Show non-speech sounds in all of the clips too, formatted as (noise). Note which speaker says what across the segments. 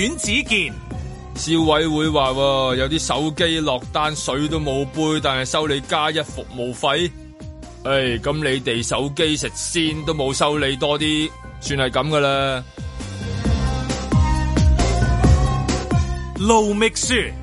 Speaker 1: 阮子健，消委會話：有啲手機落單水都冇杯，但係收你加一服務費。唉、哎，咁你哋手機食先都冇收你多啲，算係咁噶啦。盧覓雪：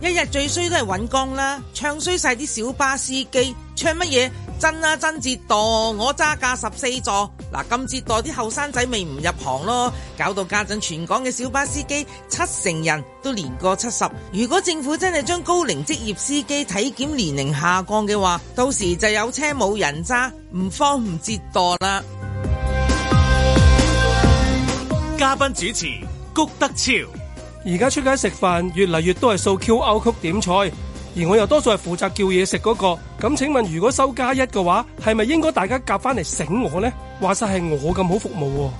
Speaker 2: 一日最衰都係揾工啦，唱衰晒啲小巴司機，唱乜嘢？真啊真字、啊、多，我揸架十四座。嗱，今次代啲後生仔未唔入行咯，搞到家陣全港嘅小巴司機七成人都年過七十。如果政府真係將高齡職業司機體檢年齡下降嘅話，到時就有車冇人揸，唔慌唔折墮啦。
Speaker 3: 嘉賓主持谷德超，而家出街食飯越嚟越多係掃 QR Code 點菜。而我又多數係負責叫嘢食嗰、那個，咁請問如果收加一嘅話，係咪應該大家夾翻嚟醒我呢？話曬係我咁好服務喎、啊，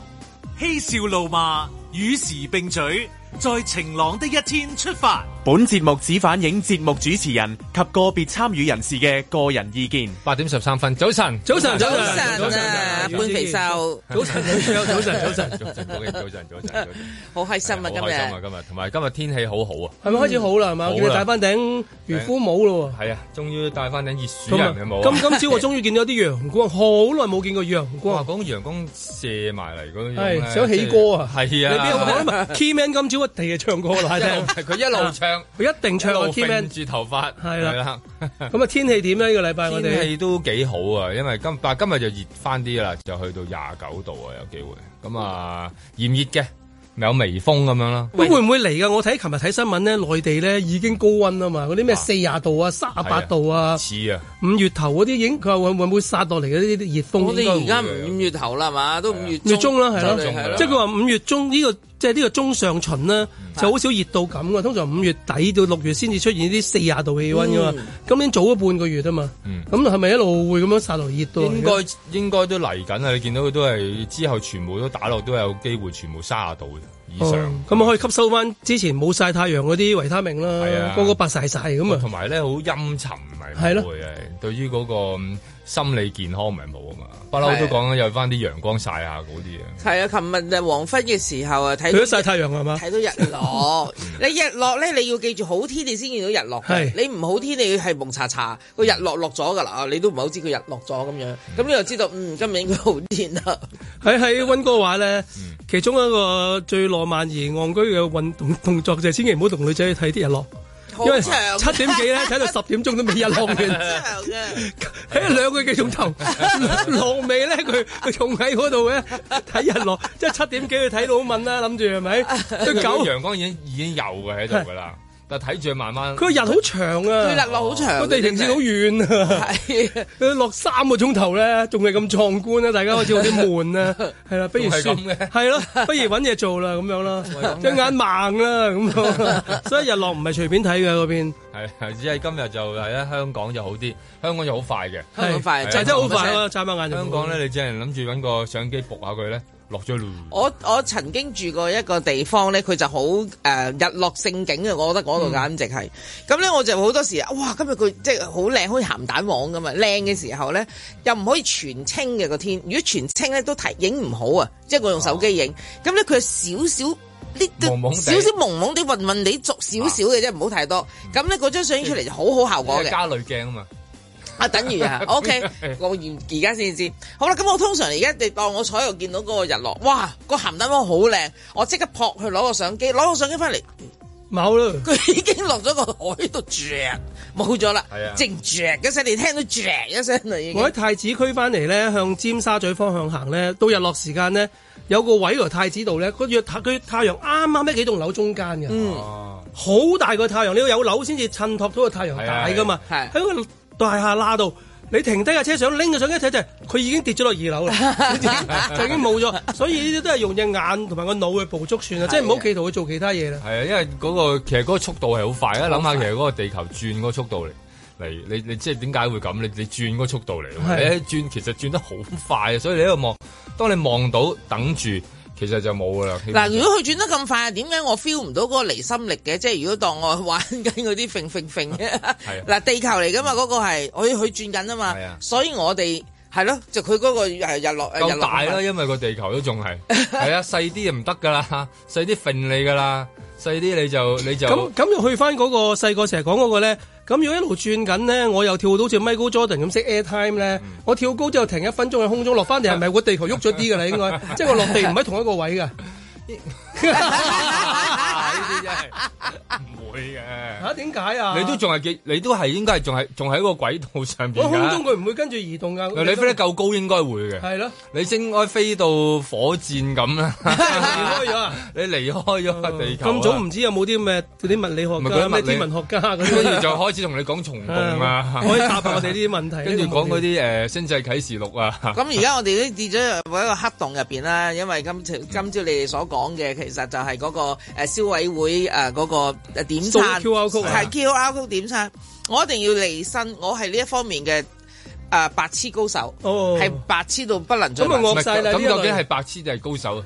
Speaker 4: 嬉笑怒罵與時並取。在晴朗的一天出發。
Speaker 1: 本節目只反映節目主持人及個別參與人士嘅個人意見。八點十三分，早晨，早晨，早晨，早晨啊，半肥瘦，早晨，早
Speaker 2: 晨，早晨，早晨，早晨，
Speaker 3: 早晨，早晨，早晨，好開心啊！今日，
Speaker 1: 今日，同埋今日天氣好好啊，係咪開始好啦？係嘛，我見你戴翻
Speaker 3: 頂漁夫帽咯，
Speaker 1: 係啊，終於戴翻頂熱暑人嘅帽。咁今朝我
Speaker 3: 終於見到啲陽光，好耐冇見過陽光。講陽光射埋嚟嗰種，想起歌啊，係啊，你邊度睇啊？Keyman 今朝。一定係唱歌啦，係佢一路唱，佢一定唱。我飛唔
Speaker 1: 住頭髮，係啦，
Speaker 3: 咁啊，天氣點咧？呢個禮拜我哋天氣
Speaker 1: 都幾好啊，因為今今日就熱翻啲啦，就去到廿九度啊，有機會。咁啊，炎熱嘅，咪有微風咁樣啦。
Speaker 3: 會唔會嚟噶？我睇琴日睇新聞咧，內地咧已經高溫啊嘛，嗰啲咩四十度啊，卅八度啊，似啊。五月頭嗰啲影，佢話會會唔會殺落嚟嗰啲熱風？我哋而家五五月頭啦嘛，都五月中啦，係即係佢話五月中呢個。即係呢個中上旬呢，是的 就好少熱到咁嘅，通常五月底到六月先至出現啲四十度氣温嘅嘛。嗯、今年早咗半個月啊嘛，咁係咪一路會咁樣曬到熱到？應該
Speaker 1: 的應該都嚟緊啊！你見到佢都係之後全部都打落都有機會，全部三十度以上。
Speaker 3: 咁啊、哦，可以吸收返之前冇晒太陽嗰啲維他命啦。個個的白晒晒。咁啊。同埋咧，好陰沉咪。係咯，
Speaker 1: 係的對於、嗰個心理健康唔係冇啊嘛，不嬲都講啦，有翻啲陽光晒下好啲
Speaker 3: 嘅。係
Speaker 2: 啊，琴日就黃昏嘅時候啊，睇晒太陽係嘛，睇到日落。 (laughs) 你日落咧，你要記住好天氣先見到日落。係是你唔好天氣係蒙查查個日落落咗噶啦，你都唔係好知佢日落咗咁樣。咁、嗯、你又知道，嗯，今日應該好天啦。
Speaker 3: 喺喺温哥話咧，嗯、其中一個最浪漫而戇居嘅運動動作就係千祈唔好同女仔去睇啲日落。
Speaker 5: 因為七點幾咧，
Speaker 3: 睇到十點鐘都未日落嘅長嘅，睇咗 (laughs) (laughs) 兩個幾鐘頭， (laughs) 落尾咧佢佢仲喺嗰度咧睇日落， (laughs) 即係七點幾去睇老敏啦，諗住係咪？對， (laughs) 個陽
Speaker 1: 光已經已經有嘅喺度㗎啦。 (laughs) 但睇住慢慢，佢日好
Speaker 3: 長啊，佢日落好長，個地平線好遠啊，佢落三個鐘頭咧，仲係咁壯觀啊。大家開始有啲悶啊，係啦，不如咁嘅，係咯，不如搵嘢做啦，咁樣啦，隻眼盲啦，咁樣，所以日落唔係隨便睇嘅嗰邊，
Speaker 1: 係係，只係今日就係咧，香港就好啲，香港就好快嘅，好快，真係好快咯，眨下眼。就香港咧，你只能諗住搵個相機捕下佢咧。落咗落。
Speaker 2: 我我曾經住過一個地方咧，佢就好誒、呃、日落盛景嘅。我覺得嗰度簡直係。咁咧、嗯，我就好多時啊，哇！今日佢即係好靚，好似鹹蛋黃咁啊！靚嘅時候咧，又唔可以全清嘅個天。如果全清咧，都睇影唔好啊！即係我用手機影。咁咧、啊，佢少少
Speaker 5: 啲少少
Speaker 2: 朦朦地、混混地，逐少少嘅啫，唔好、啊、太多。咁咧，嗰張相出嚟就好好效果嘅。加
Speaker 1: 濾鏡啊嘛。
Speaker 2: 啊，等於啊 (laughs) ，OK，我而而家先知。好啦，咁我通常而家你當我坐喺度見到嗰個日落，哇，個鹹蛋黃好靚，我即刻撲去攞個相機，攞個相機翻嚟冇啦，佢了已經落咗個海度 drop
Speaker 3: 冇咗啦，靜
Speaker 2: drop 一聲，你、啊、聽到 drop 一聲。我喺
Speaker 3: 太子區翻嚟咧，向尖沙咀方向行咧，到日落時間咧，有個位喺太子道咧，佢約太佢太陽啱啱喺幾棟樓中間嘅，好、嗯啊、大個太陽，你要有樓先至襯托到個太陽大噶嘛，喺個的。都喺下罅度，你停低架車想拎個相機睇就，佢已經跌咗落二樓啦，就已經冇咗，所以呢啲 (laughs) 都係用隻眼同埋個腦去捕捉算啦，是的 即係唔好企圖去做其他嘢啦。
Speaker 1: 係啊，因為嗰、嗰個其實嗰個速度係好快啊，諗下快其實嗰個地球轉嗰個速度嚟嚟，你你即係點解會咁？你你轉嗰個速度嚟，的你一轉其實轉得好快啊，所以你喺度望，當你望到等住。其實就冇噶啦。嗱，如果佢
Speaker 2: 轉得咁快，點解我 feel 唔到嗰個離心力嘅？即係如果當我玩緊嗰啲揈揈揈嘅，嗱，地球嚟噶嘛？嗰、嗰個係，我以佢轉緊啊嘛。係啊，所以我哋係咯，就佢嗰個係日落夠大啦，
Speaker 1: 因為個地球都仲係係啊，細啲就唔得噶啦，細啲揈你噶啦。細啲你就你就咁
Speaker 3: 咁又去翻嗰個細個成日講嗰個咧，咁如果一路轉緊咧，我又跳到好似 Michael Jordan 咁識 air time 咧，嗯、我跳高之後停一分鐘喺空中落翻嚟，係咪會地球喐咗啲噶啦？應該 (laughs) 即係我落地唔係同一個位噶。
Speaker 5: (laughs) (laughs)
Speaker 1: 唔會嘅，
Speaker 3: 吓點解啊？你都
Speaker 1: 仲係幾，你都係應該係仲係仲喺個軌道上邊啦。空中佢
Speaker 3: 唔會跟住移動噶。你飛得
Speaker 1: 夠高應該會嘅。係咯,你應該飛到火箭咁啦。離
Speaker 3: 開咗，
Speaker 1: 你離開咗地球。咁早唔
Speaker 3: 知有冇啲咩啲物理學家、天文學家嗰啲，跟住就開
Speaker 1: 始同你講蟲洞啊。可以答我哋呢啲問題。跟住講嗰啲誒星際啟示錄啊。咁而家我
Speaker 2: 哋都跌咗入一個黑洞入邊啦，因為今朝今朝你哋所講嘅，其實就係嗰個誒消毀。會誒嗰個點餐係 QR code 點餐，我一定要離身，我係呢一方面嘅誒白痴高手，係白痴到不能再咁啊惡晒啦！咁究竟係
Speaker 1: 白痴定係高手
Speaker 2: 啊？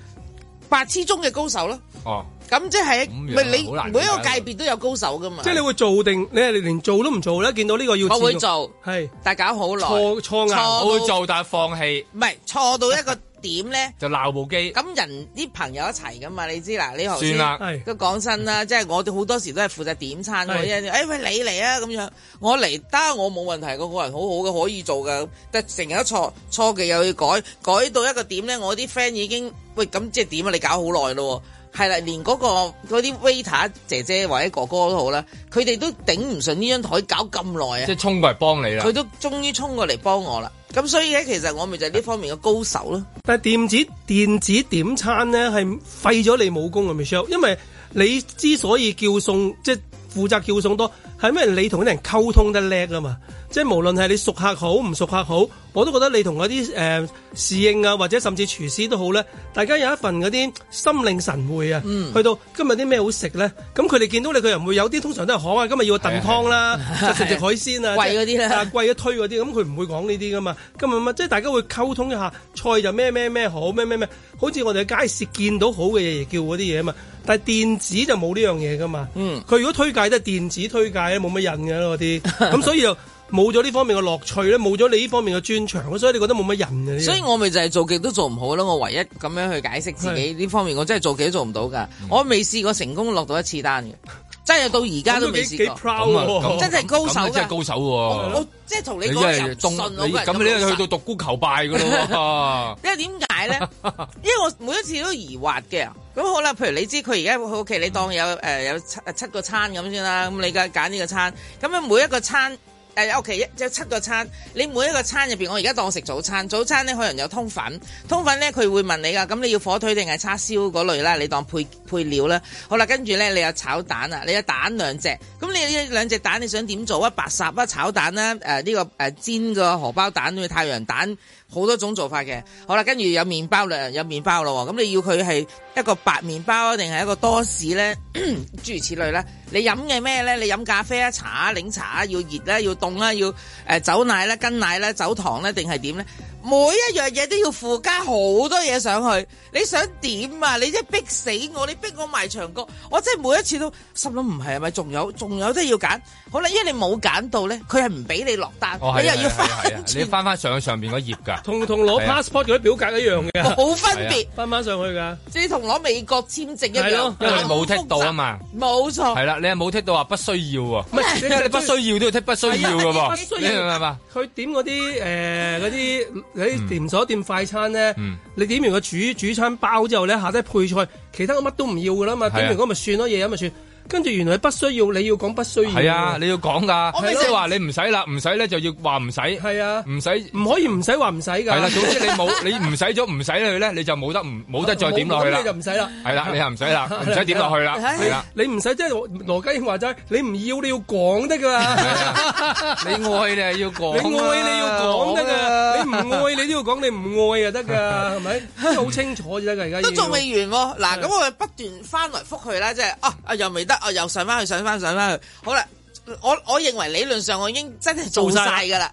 Speaker 2: 白痴中嘅高手咯，哦，咁即係唔係你每一個界別都有高手噶嘛？即係你
Speaker 3: 會做定？你係連做都唔做咧？見到呢個要我會做，
Speaker 2: 係但係搞好耐錯錯硬，我會做但係放棄，唔係錯到一個。點咧就鬧部機，咁人啲朋友一齊噶嘛，你知啦。你頭先了都講真啦，唉即係我哋好多時都係負責點餐，誒唉、哎、喂你嚟啊咁樣，我嚟得我冇問題，我個人好好嘅可以做噶，但成日都錯，錯嘅又要改，改到一個點咧，我啲 friend 已經，喂，咁即係點啊？你搞好耐咯，係啦，連嗰、嗰個嗰啲 waiter 姐姐或者哥哥都好啦，佢哋都頂唔順呢張台搞咁耐啊，即係
Speaker 3: 衝過嚟幫你啦，佢都
Speaker 2: 終於衝過嚟
Speaker 3: 幫我啦。咁所以咧，其實我咪就係呢方面嘅高手咯。但係電子電子點餐咧，係廢咗你武功㗎 Michelle，因為你之所以叫送，即係負責叫送多，係因為你同啲人溝通得叻啊嘛。即係無論係你熟客好唔熟客好，我都覺得你同嗰啲誒侍應啊，或者甚至廚師都好咧，大家有一份嗰啲心領神會啊，嗯、去到今日啲咩好食咧，咁佢哋見到你佢又唔會有啲通常都係講啊，今日要個燉湯啦，嗯、食，食食海鮮啊，貴嗰啲啦，貴咗推嗰啲，咁佢唔會講呢啲㗎嘛，今日乜即係大家會溝通一下菜就咩咩咩好咩咩咩，好似我哋喺街市見到好嘅嘢叫嗰啲嘢啊嘛，但係電子就冇呢樣嘢㗎嘛，佢、嗯、如果推介都係電子推介冇乜印嘅嗰啲，咁所以就。 (laughs) 冇咗呢方面嘅樂趣咧，冇咗你呢方面嘅專長，所以你覺得冇乜人嘅。所以
Speaker 2: 我咪就係做極都做唔好咯。我唯一咁樣去解釋自己呢方面，我真係做極都做唔到噶。我未試過成功落到一次單嘅，真係到而家都未試過。真係高手，真係高手。我即係同你講，你咁你去到
Speaker 1: 獨孤求敗噶咯。
Speaker 2: 因為點解咧？因為我每一次都疑惑嘅。咁好啦，譬如你知佢而家好 OK，你當有誒有七七個餐咁先啦。咁你而家揀呢個餐，咁樣每一個餐。誒 OK 有七個餐，你每一個餐入邊，我而家當我食早餐。早餐呢，可能有通粉，通粉呢，佢會問你噶，咁你要火腿定係叉燒嗰類啦，你當配配料啦。好啦，跟住呢，你有炒蛋啊，你有蛋兩隻，咁你一兩隻蛋你想點做啊？白霎啊，炒蛋啦，誒、呃、呢、這個誒、呃、煎個荷包蛋，咩太陽蛋？好多種做法嘅。好啦，跟住有麵包啦，有麵包咯，咁你要佢係一個白麵包啊，定係一個多士呢？諸 (coughs) 如此類呢？你飲嘅咩呢？你飲咖啡啊、茶啊、檸茶啊？要熱啦，要凍啦，要誒、呃、走奶啦、跟奶啦、走糖呢？定係點呢？每一樣嘢都要附加好多嘢上去，你想點啊？你即係逼死我，你逼我埋牆角，我真係每一次都心諗唔係係咪仲有仲有都要揀，好啦因為你冇揀到咧，佢係唔俾你落單，你又要
Speaker 5: 翻。
Speaker 3: 你
Speaker 1: 翻翻上上邊嗰頁噶，同同攞 passport 嗰啲表格一樣嘅，冇分別，
Speaker 2: 翻翻上去噶，即係同攞美國簽證一樣，因為
Speaker 1: 冇 tick 到啊嘛，
Speaker 2: 冇錯，係
Speaker 1: 啦，你係冇 tick 到話
Speaker 3: 不需要喎，唔係，因為你不需要都要 tick 不需要噶喎，你明唔明白？佢點嗰啲誒嗰啲。你連鎖店快餐咧，嗯、你點完個主主餐包之後咧，下低配菜，其他我乜都唔要噶啦嘛，的點完嗰咪算咯，嘢飲咪算。跟住原來不需要，你要講不需要。係啊，你要講㗎。我即係話
Speaker 1: 你唔使啦，唔使咧就要話唔使。係啊，唔使唔可以唔使話唔使㗎。係啦，總之你冇你唔使咗唔使去咧，你就冇得唔冇得再點落去啦。你就唔使啦。係啦，你又唔使啦，唔使點落去啦。係啦，
Speaker 3: 你唔使即係羅家英話齋，你唔要你要講得㗎。你愛你係要講。你愛你要講得㗎。你唔愛你都要講，你唔愛就得㗎，係咪？都好清楚啫㗎，而家都仲未完嗱。咁我哋
Speaker 2: 不斷翻來覆去啦，即係啊啊又未得。哦，又上翻去，上翻去，上翻去。好啦，我我認為理論上我已經真係做晒噶啦。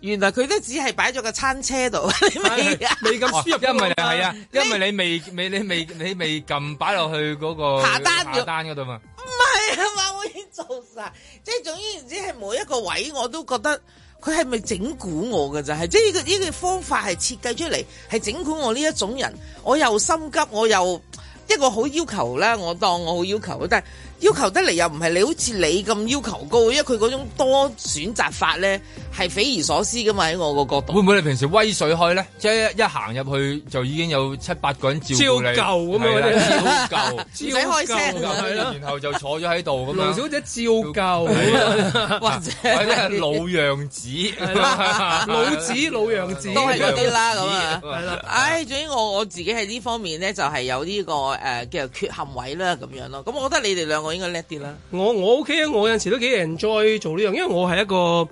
Speaker 2: 原來佢都只係擺咗個餐車度，未啊、
Speaker 1: 哎呀？未咁輸入。哦、因為係啊，你因為你未未你未你未撳擺落去嗰、那個下單單嗰度嘛。
Speaker 2: 唔係啊，我已經做晒。即係總之，係每一個位我都覺得佢係咪整蠱我噶？就係即係、這、呢個呢、這個方法係設計出嚟，係整蠱我呢一種人。我又心急，我又一個好要求咧。我當我好要求，但係。要求得嚟又唔係，你好似你咁要求高，因為佢嗰種多選擇法咧係匪夷所思噶嘛喺我個
Speaker 1: 角度。會唔會你平時威水開咧？即係一行入去就已經有七八個人照照舊咁樣，照舊，照 (laughs) 救開
Speaker 3: 聲，唔使開聲，然後
Speaker 1: 就坐咗喺度咁小
Speaker 3: 姐照舊，召 (laughs) 或
Speaker 1: 者， (laughs) 或者老樣子， (laughs) 子，老子
Speaker 3: 老樣子都係嗰啲啦咁啊。唉
Speaker 2: (laughs) 哎，總之我我自己喺呢方面咧就係、是、有呢、這個誒叫做缺陷位啦咁樣咯。咁我覺得你哋兩個。我應該叻啲啦。
Speaker 3: 我我 O K 啊，我有陣時都幾 enjoy 做呢樣，因為我係一個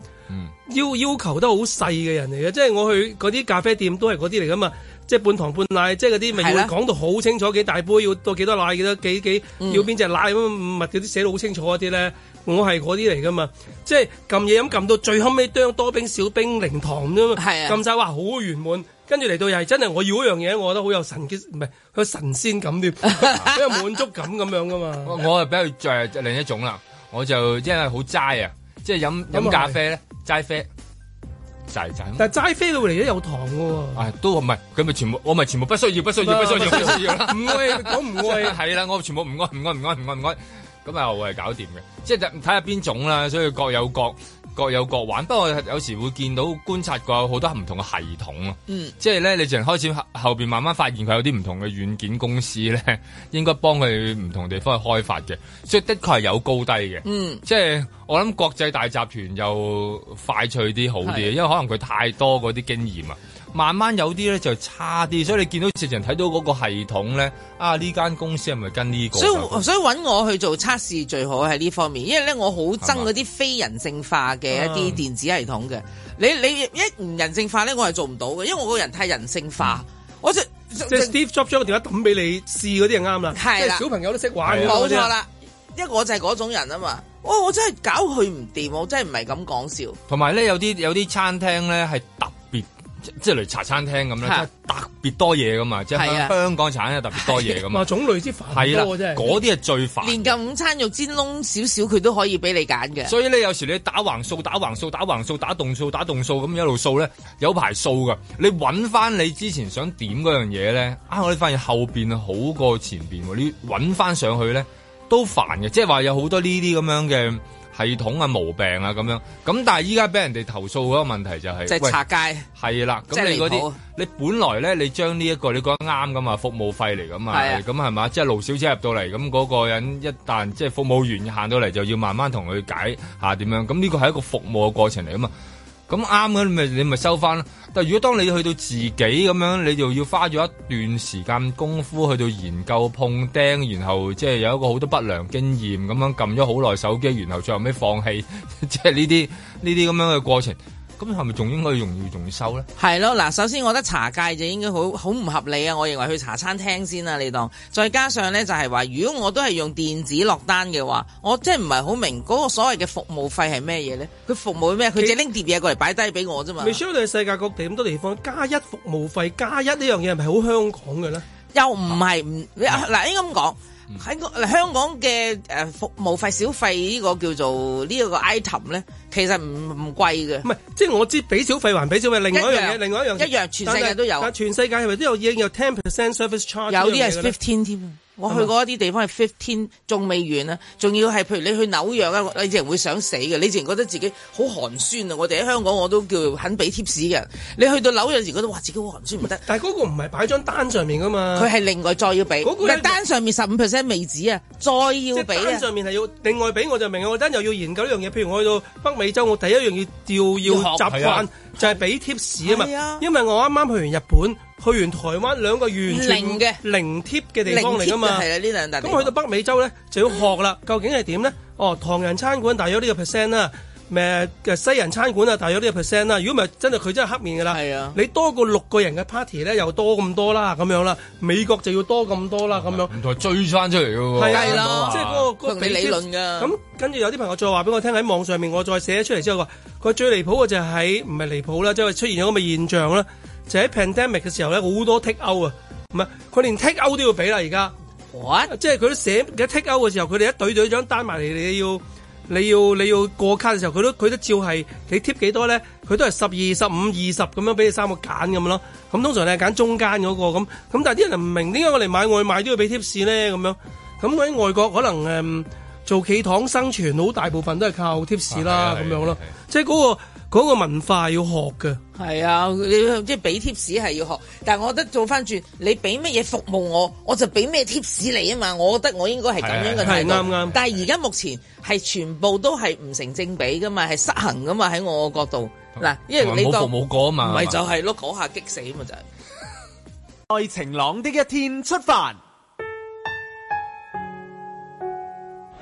Speaker 3: 要要求得好細嘅人嚟嘅，即係我去嗰啲咖啡店都係嗰啲嚟㗎嘛，即係半糖半奶，即係嗰啲咪要講到好清楚幾大杯要到幾多奶嘅啦，幾幾要邊隻奶咁、嗯、物嗰啲寫得好清楚嗰啲咧，我係嗰啲嚟㗎嘛，即係撳嘢飲撳到最，最後尾，多多冰、少冰、零糖咁啫嘛，撳曬的哇，好圓滿。跟住嚟到又係真係我要嗰樣嘢，我覺得好有神，唔係佢神仙感啲，比較滿足感咁樣噶嘛。 (laughs) 我
Speaker 1: 係比較誒另一種啦，我就因為好齋啊，即係飲飲咖啡咧，齋啡，齋齋。但係齋啡佢嚟都有糖喎、啊哎。都唔係，佢咪全部，我咪全部不需要，不需要，不需要，不需要唔 (laughs) 會，我唔會，係啦，我全部唔安，唔安，唔安，唔安，唔安，咁啊，我係搞掂嘅，即係睇下邊種啦，所以各有各。各有各玩，不過有時會見到觀察過好多唔同嘅系統咯。嗯，即係咧，你從開始後後邊慢慢發現佢有啲唔同嘅軟件公司咧， (laughs) 應該幫佢唔同地方去開發嘅，所以的確係有高低嘅。嗯，即係我諗國際大集團又快脆啲好啲，是因為可能佢太多嗰啲經驗啊。慢慢有啲咧就差啲，所以你見到直情睇到嗰個系統咧，啊呢間公司係咪跟呢個、啊所？所以
Speaker 2: 所以搵我去做測試最好係呢方面，因為咧我好憎嗰啲非人性化嘅一啲電子系統嘅吧。你你一唔人性化咧，我係做唔到嘅，因為我個人太人性化。嗯、我就即 Steve Jobs, 的即 Steve Jobs 將個電話抌
Speaker 3: 俾你試嗰啲就啱啦，
Speaker 1: 即係小朋友都識玩嘅冇錯啦。
Speaker 2: 因為哇、啊、我就係嗰種人啊嘛，我我真係搞佢唔掂，我真係唔係咁講笑。
Speaker 1: 同埋咧，有啲有啲餐廳咧係揼。即係嚟茶餐廳咁咧，啊、特別多嘢噶嘛，啊、即係香港茶餐廳特別多嘢噶嘛，啊、
Speaker 3: (laughs) 種類之繁多啫、啊。嗰啲
Speaker 1: 係最煩。連
Speaker 2: 嚿午餐肉煎燶少少，佢都可以俾你揀嘅。所
Speaker 1: 以咧，有時你打橫掃、打橫掃、打橫掃、打棟掃、打棟掃咁一路掃咧，有排掃嘅。你揾翻你之前想點嗰樣嘢咧，啊，我哋發現後邊好過前邊喎。你揾翻上去咧都煩嘅，即係話有好多呢啲咁樣嘅。系統啊，毛病啊咁樣，咁但係依家俾人哋投訴嗰個問題就係即係拆街，係啦。即你嗰啲，你本來咧，你將呢一個你講啱噶嘛，服務費嚟噶嘛，咁係嘛，即係盧小姐入到嚟，咁、那、嗰個人一旦即係服務員行到嚟，就要慢慢同佢解吓，點樣，咁呢個係一個服務嘅過程嚟噶嘛。咁啱嘅，咪你咪收翻啦。但係如果當你去到自己咁樣，你就要花咗一段時間功夫去到研究碰釘，然後即係有一個好多不良經驗咁樣撳咗好耐手機，然後最後尾放棄， (laughs) 即係呢啲呢啲咁樣嘅過程。咁係咪仲應該容易仲要收咧？
Speaker 2: 係咯，嗱，首先我覺得茶界就應該好好唔合理啊！我認為去茶餐廳先啦，你當再加上咧就係話，如果我都係用電子落單嘅話，我真係唔係好明嗰個所謂嘅服務費係咩嘢咧？佢服務咩？佢只係拎碟嘢過嚟擺低俾我啫嘛。未
Speaker 3: share 到世界各地咁多地方，加一服務費，加一呢樣嘢係咪好香港嘅咧？又唔係
Speaker 2: 唔，嗱，應該咁講。喺、嗯、香港嘅誒、呃、服務費小費呢個叫做呢一、這個 item 咧，其實唔唔貴嘅。唔係，
Speaker 3: 即係我知俾小費還俾小費，另外一樣嘢，樣另外一樣一
Speaker 2: 樣，全世界都有。但，但
Speaker 3: 全世界係咪都有已經有 ten percent service charge？有啲係
Speaker 2: fifteen 添。我去過一啲地方係 fifteen，仲未完啊！仲要係譬如你去紐約咧、啊，你自然會想死嘅。你自然覺得自己好寒酸啊！我哋喺香港我都叫肯俾貼士嘅。你去到紐約時覺得話自己好寒酸唔得。但係嗰個唔係擺張單上面噶嘛，佢係另外再要俾。嗰單上面十五 percent 未止啊，再要俾、啊、單上
Speaker 3: 面係要另外俾，我就明我覺得又要研究呢樣嘢。譬如我去到北美洲，我第一樣要要要習慣弱、啊、就係俾貼士啊嘛。啊，因為我啱啱去完日本。去完台灣兩個完全嘅零貼嘅地方嚟噶嘛？係啦，呢兩大咁去到北美洲咧就要學啦。 (laughs) 究竟係點咧？哦，唐人餐館大約呢、這個 percent 啦，咩嘅西人餐館啊大約呢、這個 percent 啦。如果唔係真係佢真係黑面噶啦，啊、你多過六個人嘅 party 咧又多咁多啦咁樣啦，美國就要多咁多啦咁樣。唔、啊、同追翻出嚟嘅喎，係啦、啊，即係嗰個嗰個理論噶。咁跟住有啲朋友再話俾我聽喺網上面，我再寫出嚟之後話，佢最離譜嘅就係唔係離譜啦，即、就、係、是、出現咗咁嘅現象啦。就喺 pandemic 嘅時候咧，好多 take out 啊，唔係佢連 take out 都要俾啦，而家，哇！即係佢都寫嘅 take out 嘅時候，佢哋一隊隊長單埋嚟，你要，你要，你要過卡嘅時候，佢都佢都照係你 tip 幾多咧，佢都係十二、十五、二十咁樣俾你三個揀咁咯。咁通常咧揀中間嗰個咁，咁但係啲人唔明點解我哋買外賣都要俾 tips 咧咁樣。咁喺外國可能誒做企堂生存，好大部分都係靠 tips 啦咁樣咯，即係嗰個。嗰個文化要學㗎，
Speaker 2: 係啊，你即係俾貼士係要學，但係我覺得做返轉，你俾乜嘢服務我，我就俾咩貼士你啊嘛，我覺得我應該係咁樣嘅態度，係啱啱。啊、但係而家目前係全部都係唔成正比噶嘛，係失衡噶嘛，喺我角度。嗱，因為你冇服務過啊嘛，咪就係咯，嗰下激死啊嘛就係、是。在晴、嗯、 (laughs) 朗的一天出發。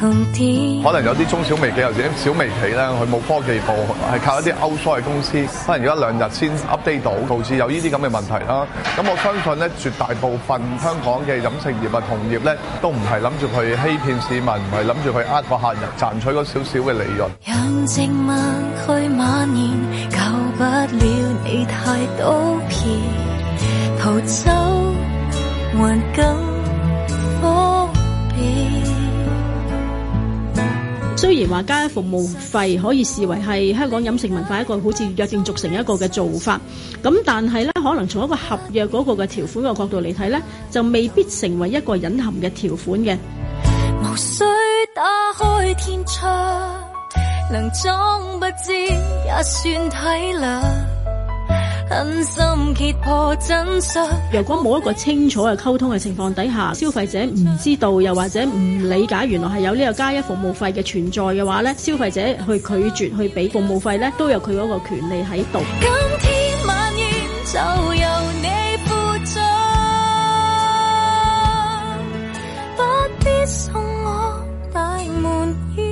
Speaker 1: 可能有啲中小微企，尤其啲小微企啦，佢冇科技部，係靠一啲 outsource 公司，可能要一兩日先 update 到，導致有呢啲咁嘅問題啦。咁我相信咧，絕大部分香港嘅飲食業呀同業咧，都唔係諗住去欺騙市民，唔係諗住去呃個客人，賺取嗰少少嘅利潤。讓靜默去蔓延，救不了你太刀片，逃走還更
Speaker 2: 雖然話加服務費可以視為係香港飲食文化一個好似約定俗成一個嘅做法，咁但係咧，可能從一個合約嗰個嘅條款嘅角度嚟睇咧，就未必成為一個隱含嘅條款嘅。無
Speaker 1: 需打開天窗，能裝也算體諒狠心揭破真相。如果冇一個清楚嘅溝通嘅情況底下，消費者唔知道又或者唔理
Speaker 2: 解原來係有呢個加一服務費嘅存在嘅話咧，消費者去拒絕去俾服務費咧，都有佢嗰個權利喺度。
Speaker 5: 今天晚宴就由你負責，不必送我大門。要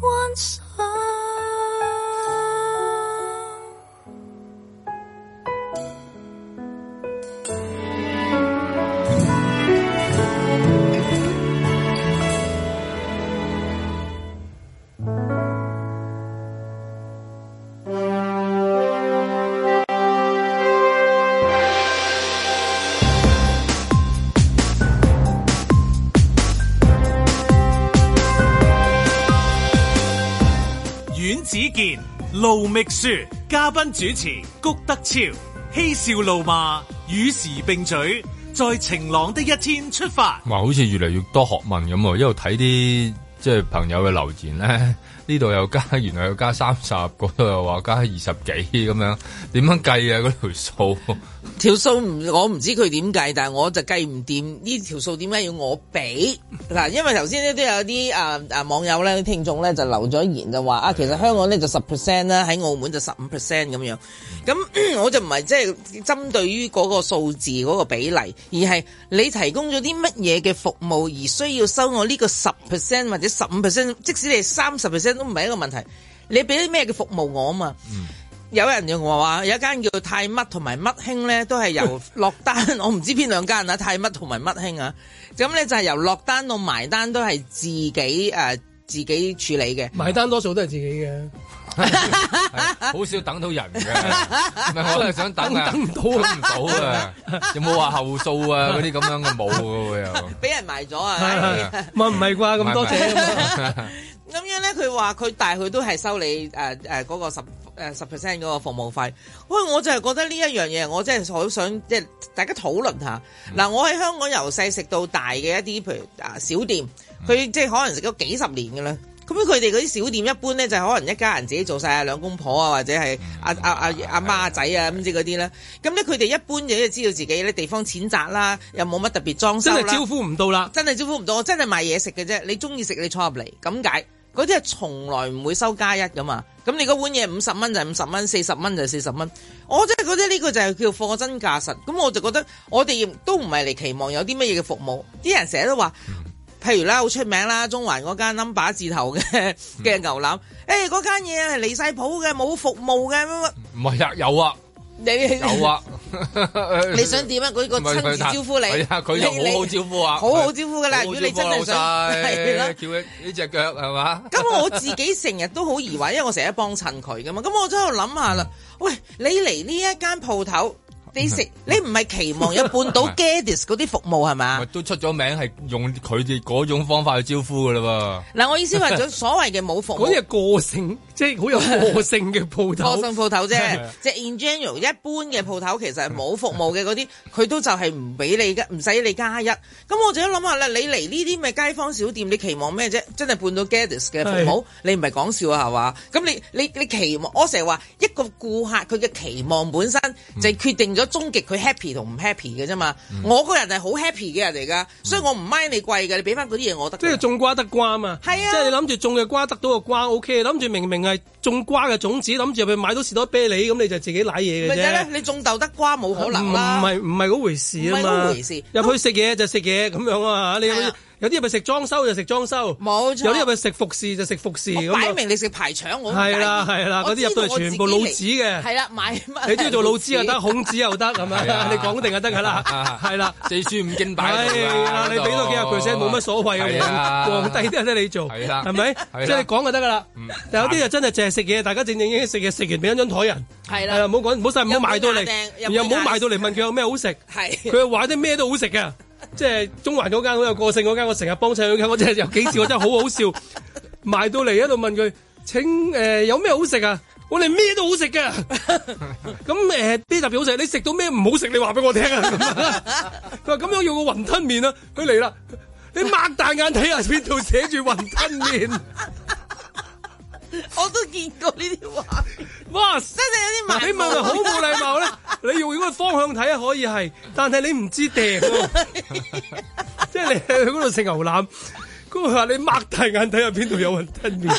Speaker 5: 關。
Speaker 4: 盧覓雪，嘉賓主持谷德昭，嬉笑
Speaker 1: 怒罵，與時並舉，在晴朗的一天出發。哇，好似越嚟越多學問咁啊，一路睇啲。即係朋友嘅留言咧，呢度又加，原來又加三十，嗰度又話加二十幾咁樣，點樣計啊？嗰條數
Speaker 2: 條數唔，我唔知佢點計，但係我就計唔掂呢條數，點解要我畀？嗱，因為頭先咧都有啲啊啊網友咧、聽眾咧就留咗言就話的啊，其實香港咧就十 percent 啦，喺澳門就十五 percent 咁樣。咁我就唔係即係針對於嗰個數字嗰個比例，而係你提供咗啲乜嘢嘅服務而需要收我呢個十 percent 或者十五 percent，即使你三十 percent 都唔係一個問題。你俾啲咩嘅服務我啊嘛？嗯、有人就話話有一間叫做泰乜同埋乜興咧，都係由落單， (laughs) 我唔知邊兩間啊，泰乜同埋乜興啊。咁咧就係由落單到埋單都係自己誒、呃、自己處理嘅，埋
Speaker 3: 單多數都係自己嘅。好 (laughs) 少等到人嘅，咪 (laughs) 我係想等等唔到
Speaker 1: 啊，唔 (laughs) 到啊，有冇話後數啊？嗰啲咁樣嘅冇啊，又
Speaker 2: 俾 (laughs) 人賣咗啊！
Speaker 3: 唔係唔係啩？咁多謝
Speaker 2: 咁 (laughs) (laughs) 樣咧？佢話佢大概都係收你誒誒嗰個十誒十 percent 嗰個服務費。喂，我就係覺得呢一樣嘢，我真係好想即係大家討論下。嗱、嗯，我喺香港由細食到大嘅一啲，譬如啊小店，佢即係可能食咗幾十年嘅啦。咁佢哋嗰啲小店一般咧，就係可能一家人自己做晒啊，兩公婆啊，或者係阿阿阿阿媽啊仔啊咁之嗰啲咧。咁咧佢哋一般嘢就知道自己咧地方淺窄啦，又冇乜特別裝修，真係招呼唔到啦！真係招呼唔到。我真係賣嘢食嘅啫。你中意食你坐入嚟，咁解嗰啲係從來唔會收加一噶嘛。咁你嗰碗嘢五十蚊就五十蚊，四十蚊就四十蚊。我真係覺得呢個就係叫貨真價實。咁我就覺得我哋都唔係嚟期望有啲乜嘢嘅服務。啲人成日都話。譬如啦，好出名啦，中環嗰間 number 字頭嘅嘅牛腩，誒嗰間嘢係離晒譜嘅，冇服務嘅，乜乜，
Speaker 1: 唔係呀？有
Speaker 2: 啊，有啊，
Speaker 1: 你想點啊？佢個親自招呼你，佢又好好招呼啊，好好
Speaker 2: 招呼噶啦。如果你真係想，係啦，叫
Speaker 1: 佢呢隻腳係嘛？咁
Speaker 2: 我自己成日都好疑惑，因為我成日幫襯佢噶嘛。咁我都喺度諗下啦，喂，你嚟呢一間鋪頭？你食？你唔係期望有半島
Speaker 1: Gadis 啲服務係嘛？都出咗名係用佢哋嗰種方法去招呼㗎啦噃。嗱，我意思話，就
Speaker 2: 所謂嘅冇服務。啲係
Speaker 1: 個性。即
Speaker 3: 係好有個性嘅鋪頭，個 (laughs) 性鋪頭啫。
Speaker 2: 即係 in general 一般嘅鋪頭，其實冇服務嘅嗰啲，佢 (laughs) 都就係唔俾你嘅，唔使你加一。咁我就一諗下啦，你嚟呢啲咩街坊小店，你期望咩啫？真係半到 g a d i 嘅服務，是你唔係講笑啊，係嘛？咁你你你期望？我成日話一個顧客佢嘅期望本身就決定咗終極佢 happy 同唔 happy 嘅啫嘛。 (laughs) 我個人係好 happy 嘅人嚟噶，所以我唔 mind 你貴嘅，你俾翻嗰啲嘢我
Speaker 3: 得。即係種瓜得瓜啊嘛，是啊即係你諗住種嘅瓜得到個瓜，OK。諗住明明，明。淨係種瓜嘅種子，諗住入去買到士多啤梨，咁你就自己舐嘢嘅啫。
Speaker 2: 你種豆得瓜冇可能啦，啊。唔係
Speaker 3: 唔係嗰回事啊嘛。回事。入去食嘢就食嘢咁樣啊，你。嗯有啲咪食裝修就食裝修，有啲入去食服侍就食服侍咁啊！擺明
Speaker 2: 你食排腸，我係啦係啦，嗰啲入到嚟全部老子嘅。係啦，買你中意做老子又得，孔子又得，
Speaker 3: 係咪？你講定就得噶啦，係啦。四書五經擺係啦，你俾多幾廿 percent 冇乜所謂嘅嘢，皇帝都係得你做，係啦，係咪？即係講就得噶啦。但有啲就真係淨係食嘢，大家正正經經食嘢，食完俾張台人。係啦，冇講冇曬，冇賣到嚟，又冇賣到嚟問佢有咩好食。係，佢話啲咩都好食嘅。即係中環嗰間好有個性嗰間，我成日幫襯佢間，我真係有幾次我真係好好笑，埋到嚟一度問佢：請誒、呃、有咩好食啊？我哋咩都好食嘅，咁邊啲特別好食？你食到咩唔好食？你話俾我聽啊！佢話咁樣要個雲吞麪啊，佢嚟啦！你擘大眼睇下邊度寫住雲吞麪。 (laughs)
Speaker 2: 我都見過哇、啊、呢啲話，哇！真係有啲你問咪好冇禮貌咧！
Speaker 3: 你用嗰個方向睇可以係，但係你唔知掟，即係你喺嗰度食牛腩，咁佢話你擘大眼睇下邊度有雲吞麪，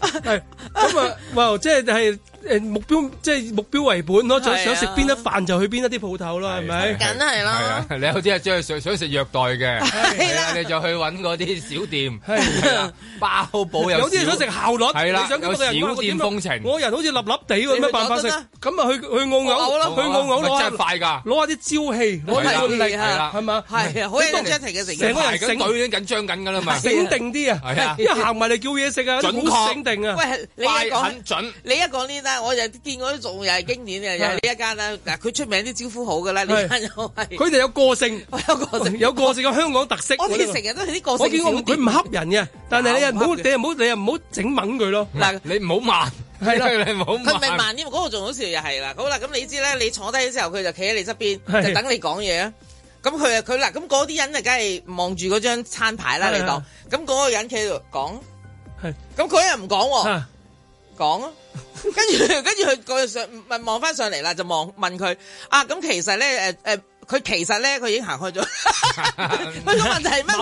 Speaker 3: 係咁啊！哇！即係係。誒，目標即係目標為本咯，想想食邊一飯就去邊一啲鋪頭咯，係咪？梗係啦。係啊，
Speaker 1: 你有啲係中意想想食虐待嘅，你就去揾嗰啲小店。係啊，包保有。有啲想食效率，係啦，有小店風情。我人
Speaker 3: 好似立立地喎，咩辦法食？咁啊，去去澳牛，去澳牛真係快㗎，攞下啲朝氣，攞下力係啦，係嘛？係，好多人 jet 嘅成日成排緊隊，緊張緊㗎啦嘛，醒定啲啊！係啊，一行埋嚟叫嘢食啊，準確醒定啊！喂，你一講你
Speaker 2: 一講呢單。我就見嗰啲仲又係經典嘅，又係呢一間啦。嗱，佢出名啲招呼好噶啦，呢間又係。佢哋有
Speaker 3: 個性，有個性，有個性嘅香港特色。我見成日都
Speaker 2: 係啲個性。我見我唔佢唔恰
Speaker 3: 人嘅，但係你又唔好，你又唔好，你又唔好整猛佢咯。嗱，你唔好慢，係啦，你唔好慢。佢唔係慢
Speaker 2: 添，嗰個仲好笑又係啦。好啦，咁你知咧，你坐低嘅時候，佢就企喺你側邊，就等你講嘢。咁佢啊，佢嗱，咁嗰啲人就，梗係望住嗰張餐牌啦。你講，咁嗰個人企度講，咁佢又唔講。講說 (laughs) 啊，跟住跟住佢個上問望翻上嚟啦，就望問佢啊，咁其實咧誒誒。呃呃佢其實咧，佢已經行開咗。
Speaker 1: 佢個問題係咩？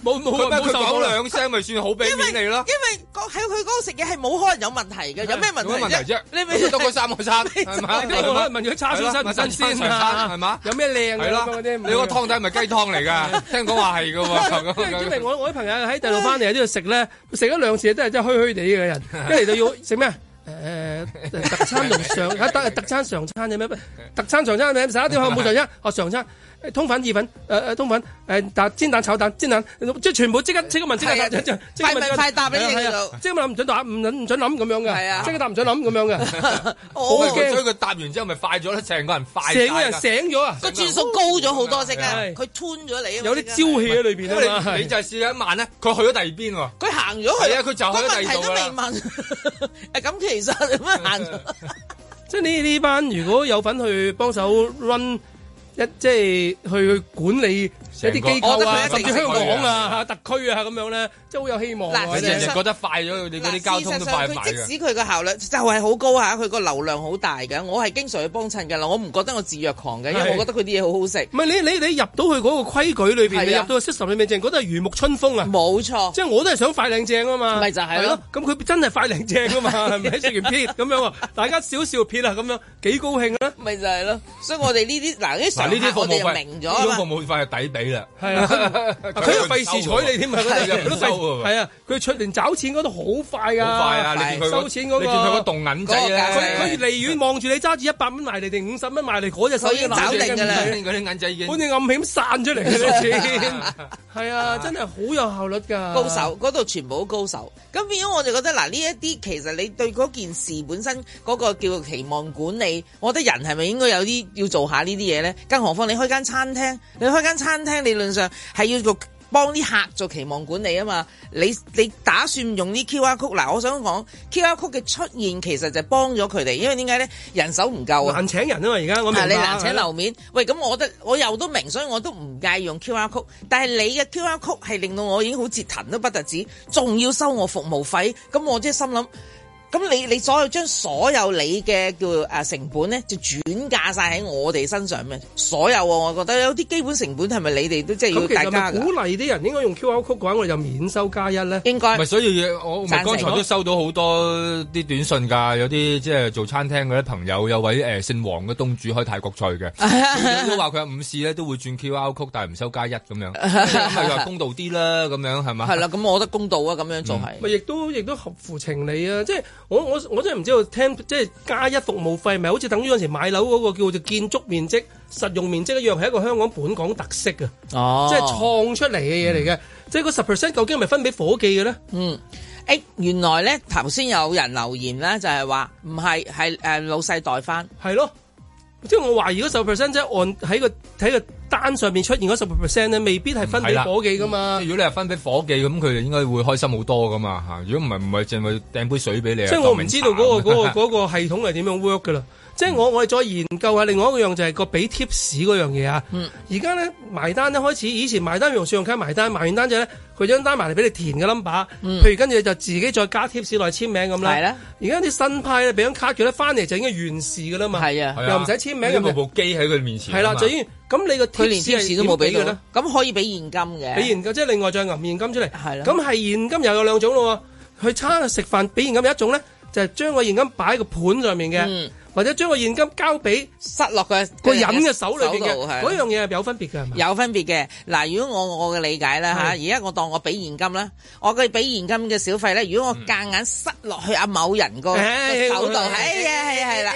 Speaker 1: 佢講兩聲咪算好俾面你咯。
Speaker 2: 因為喺佢度食嘢係冇可能有問題嘅，有咩問題啫？你咪先讀個三個叉，你冇可能問佢叉先生
Speaker 1: 新唔新鮮啊？係嘛？有咩靚㗎？嗰啲你個湯底係咪雞湯嚟㗎？聽講話係㗎喎。因為
Speaker 3: 我我啲朋友喺大陸翻嚟喺度食咧，食一兩次都係真係虛虛哋嘅人，一嚟就要食咩？誒特餐同常餐，特餐常餐有咩？特餐常餐，你十一點後冇常餐，我常餐。通粉意粉，誒誒通粉，誒蛋煎蛋炒蛋煎蛋，即係全部即刻即刻問，即刻即即即即刻答你呢度。即係咁話唔準答，唔準唔準諗咁樣嘅。即刻答唔準諗咁樣嘅。好驚，所以
Speaker 1: 佢答完之後咪快咗咯，成個人快成個人醒咗啊，
Speaker 3: 個轉數高咗好多隻啊，佢吞咗你
Speaker 1: 啊，有啲朝氣喺裏邊啊嘛。你就試一晚咧，佢去咗第二邊喎，佢行咗去啊，佢就喺第二度啦。問題都未問，誒咁其實即
Speaker 3: 係呢呢班如果有份去幫手 run。一即係去去管理。有啲機構啊，甚至香港啊、特區啊咁樣咧，即係好有希望。你淨係覺得快咗，佢哋嗰啲交通都快埋嘅。即使
Speaker 2: 佢個效率就係好高嚇，佢個流量好大嘅。我係經常去幫襯嘅啦，我唔覺得我
Speaker 3: 自虐狂嘅，因為我覺得
Speaker 2: 佢啲嘢好好食。
Speaker 3: 唔係你你你入到去嗰個規矩裏邊，你入到去四十釐米正，覺得係如沐春風啊！冇錯，即係我都係想快靚正啊嘛。咪就係咯，咁佢真係快靚正啊嘛！食完片咁樣，大家笑一笑片啦，咁樣幾高興啊！咪就係咯，
Speaker 2: 所以我哋呢啲嗱呢啲，我哋就明咗嘛。呢種
Speaker 3: 服務費係抵抵。係啊，佢又費事睬你添啊！佢都費事，係啊，佢出嚟找錢嗰度好快噶，好快啊！你收錢嗰、嗰個，你見佢、啊、個動銀仔啦，佢佢離遠望住你揸住一百蚊埋嚟定五十蚊埋嚟，嗰隻手已經找定噶啦，嗰
Speaker 1: 啲銀仔已經，反正
Speaker 3: 暗險散出嚟嗰啲錢，
Speaker 2: 係啊， (laughs) 真係好有效率噶 (laughs) 高手，嗰度全部都高手。咁變咗我就覺得嗱，呢一啲其實你對嗰件事本身嗰、嗰個叫做期望管理，我覺得人係咪應該有啲要做下呢啲嘢咧？更何況你開間餐廳，你開間餐廳。理論上係要做幫啲客做期望管理啊嘛，你你打算用啲 QR Code 嗱？我想講 QR Code 嘅出現其實就係幫咗佢哋，因為點解咧？人手唔夠啊，難請人啊嘛，而家我明白。啊、你難請樓面，的喂，咁我覺得我又都明，所以我都唔介意用 QR Code。但係你嘅 QR Code 係令到我已經好折騰都不得止，仲要收我服務費，咁我即係心諗。咁你你所有將所有你嘅叫誒成本咧，就轉嫁晒喺我哋身上咩？所有我覺得有啲基本成本係咪你哋都即係要大家？咁其實咪鼓
Speaker 3: 勵啲人應該用 QR Code 嘅話，我就免收加一咧。應該咪所以嘢我剛才都收到好多
Speaker 1: 啲短信㗎，有啲即係做餐廳嗰啲朋友，有位誒姓黃嘅東主開泰國菜嘅，都話佢有五次咧都會轉 QR Code，但係唔收加一咁樣，
Speaker 5: 係話公
Speaker 1: 道啲啦咁樣係嘛？係啦，
Speaker 3: 咁我覺得公道啊，咁樣做係咪亦都亦都合乎情理啊，即係。我我我真係唔知道，聽即係加一服務費，咪好似等於嗰陣時買樓嗰、嗰個叫做建築面積、實用面積一樣，係一個香港本港特色嘅，哦、即係創出嚟嘅嘢嚟嘅。嗯、即係嗰十 percent，究竟係咪分俾伙計嘅咧？嗯，誒、欸，原來咧頭先有
Speaker 2: 人留言咧，就係話唔係係誒老細
Speaker 3: 代返，係咯。即係我懷疑嗰十 percent 即係按喺個喺個單上面出現嗰十 percent 咧，未必係分俾伙計噶嘛、
Speaker 1: 嗯。如果你係分俾伙計，咁佢哋應該會開心好多噶嘛吓。如果唔係唔係淨係掟杯水俾你，即係所以 名我唔知道嗰、嗰個、 (laughs) 嗰個、
Speaker 3: 嗰個系統係點樣 work 噶啦。即係我，我再研究下。另外一個，就個樣就係個俾貼士嗰樣嘢啊。而家咧，埋單咧開始。以前埋單用信用卡埋單，埋完單之後咧佢張單埋嚟俾你填嘅 number。嗯、譬如跟住就自己再加貼士簽名咁啦。而家啲新派咧俾張卡券咧翻嚟就已經完事噶啦嘛。係啊，又唔使簽名，一部部
Speaker 1: 機喺佢面前。係啦、啊，就依
Speaker 3: 咁你個貼士都冇俾佢啦。咁可以俾現金嘅，俾現金即係另外再揞現金出嚟。係咁係現金又有兩種咯。去餐食飯俾現金有一種咧，就係、是、將個現金擺喺個盤上面嘅。嗯或者將個現金交俾塞落嘅個人嘅手裏邊嘅，嗰樣
Speaker 2: 嘢，係有分別嘅，係咪？有分別嘅。嗱，如果我我嘅理解啦吓，而家我當我俾現金啦，我嘅俾現金嘅小費咧，如果我夾硬塞落去阿某人個手度，係啊係啊係啦，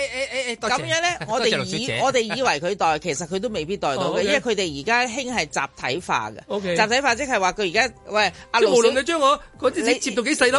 Speaker 2: 咁樣咧，我哋以我哋以為佢代，其實佢都未必代到嘅，因為佢哋而家興係集體化嘅，OK，集體化即係話佢而家喂阿，無論你
Speaker 3: 將我嗰啲錢接到幾細粒，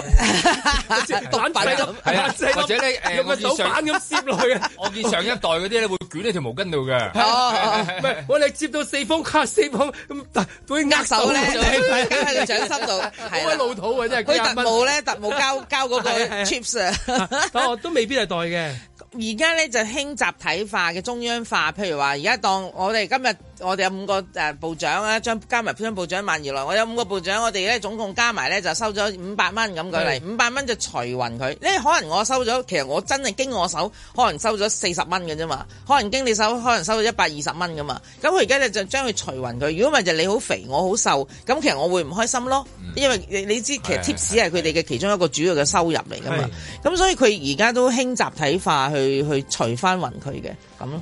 Speaker 3: 反幣
Speaker 1: 咁，或者咧誒用個手板咁接落。我見上一代嗰啲咧會捲喺條毛巾度
Speaker 3: 嘅，唔係我哋接到四方卡四方咁會握手咧，喺個掌心度好鬼老土啊，真係，佢特務咧特務交交嗰個 chips，哦都未必係代嘅，
Speaker 2: 而家咧就興集體化嘅中央化，譬如話而家當我哋今日。我哋有五個誒部長啊，將加埋五張部長萬二來，我有五個部長，我哋咧總共加埋咧就收咗五百蚊咁佢嚟，五百蚊就除勻佢。呢可能我收咗，其實我真係經我手，可能收咗四十蚊嘅啫嘛，可能經你手，可能收咗一百二十蚊噶嘛。咁佢而家咧就將佢除勻佢。如果咪就你好肥，我好瘦，咁其實我會唔開心咯，嗯、因為你，你知其實貼士係佢哋嘅其中一個主要嘅收入嚟噶嘛。咁的所以佢而家都興集體化去去除翻勻佢嘅咁咯。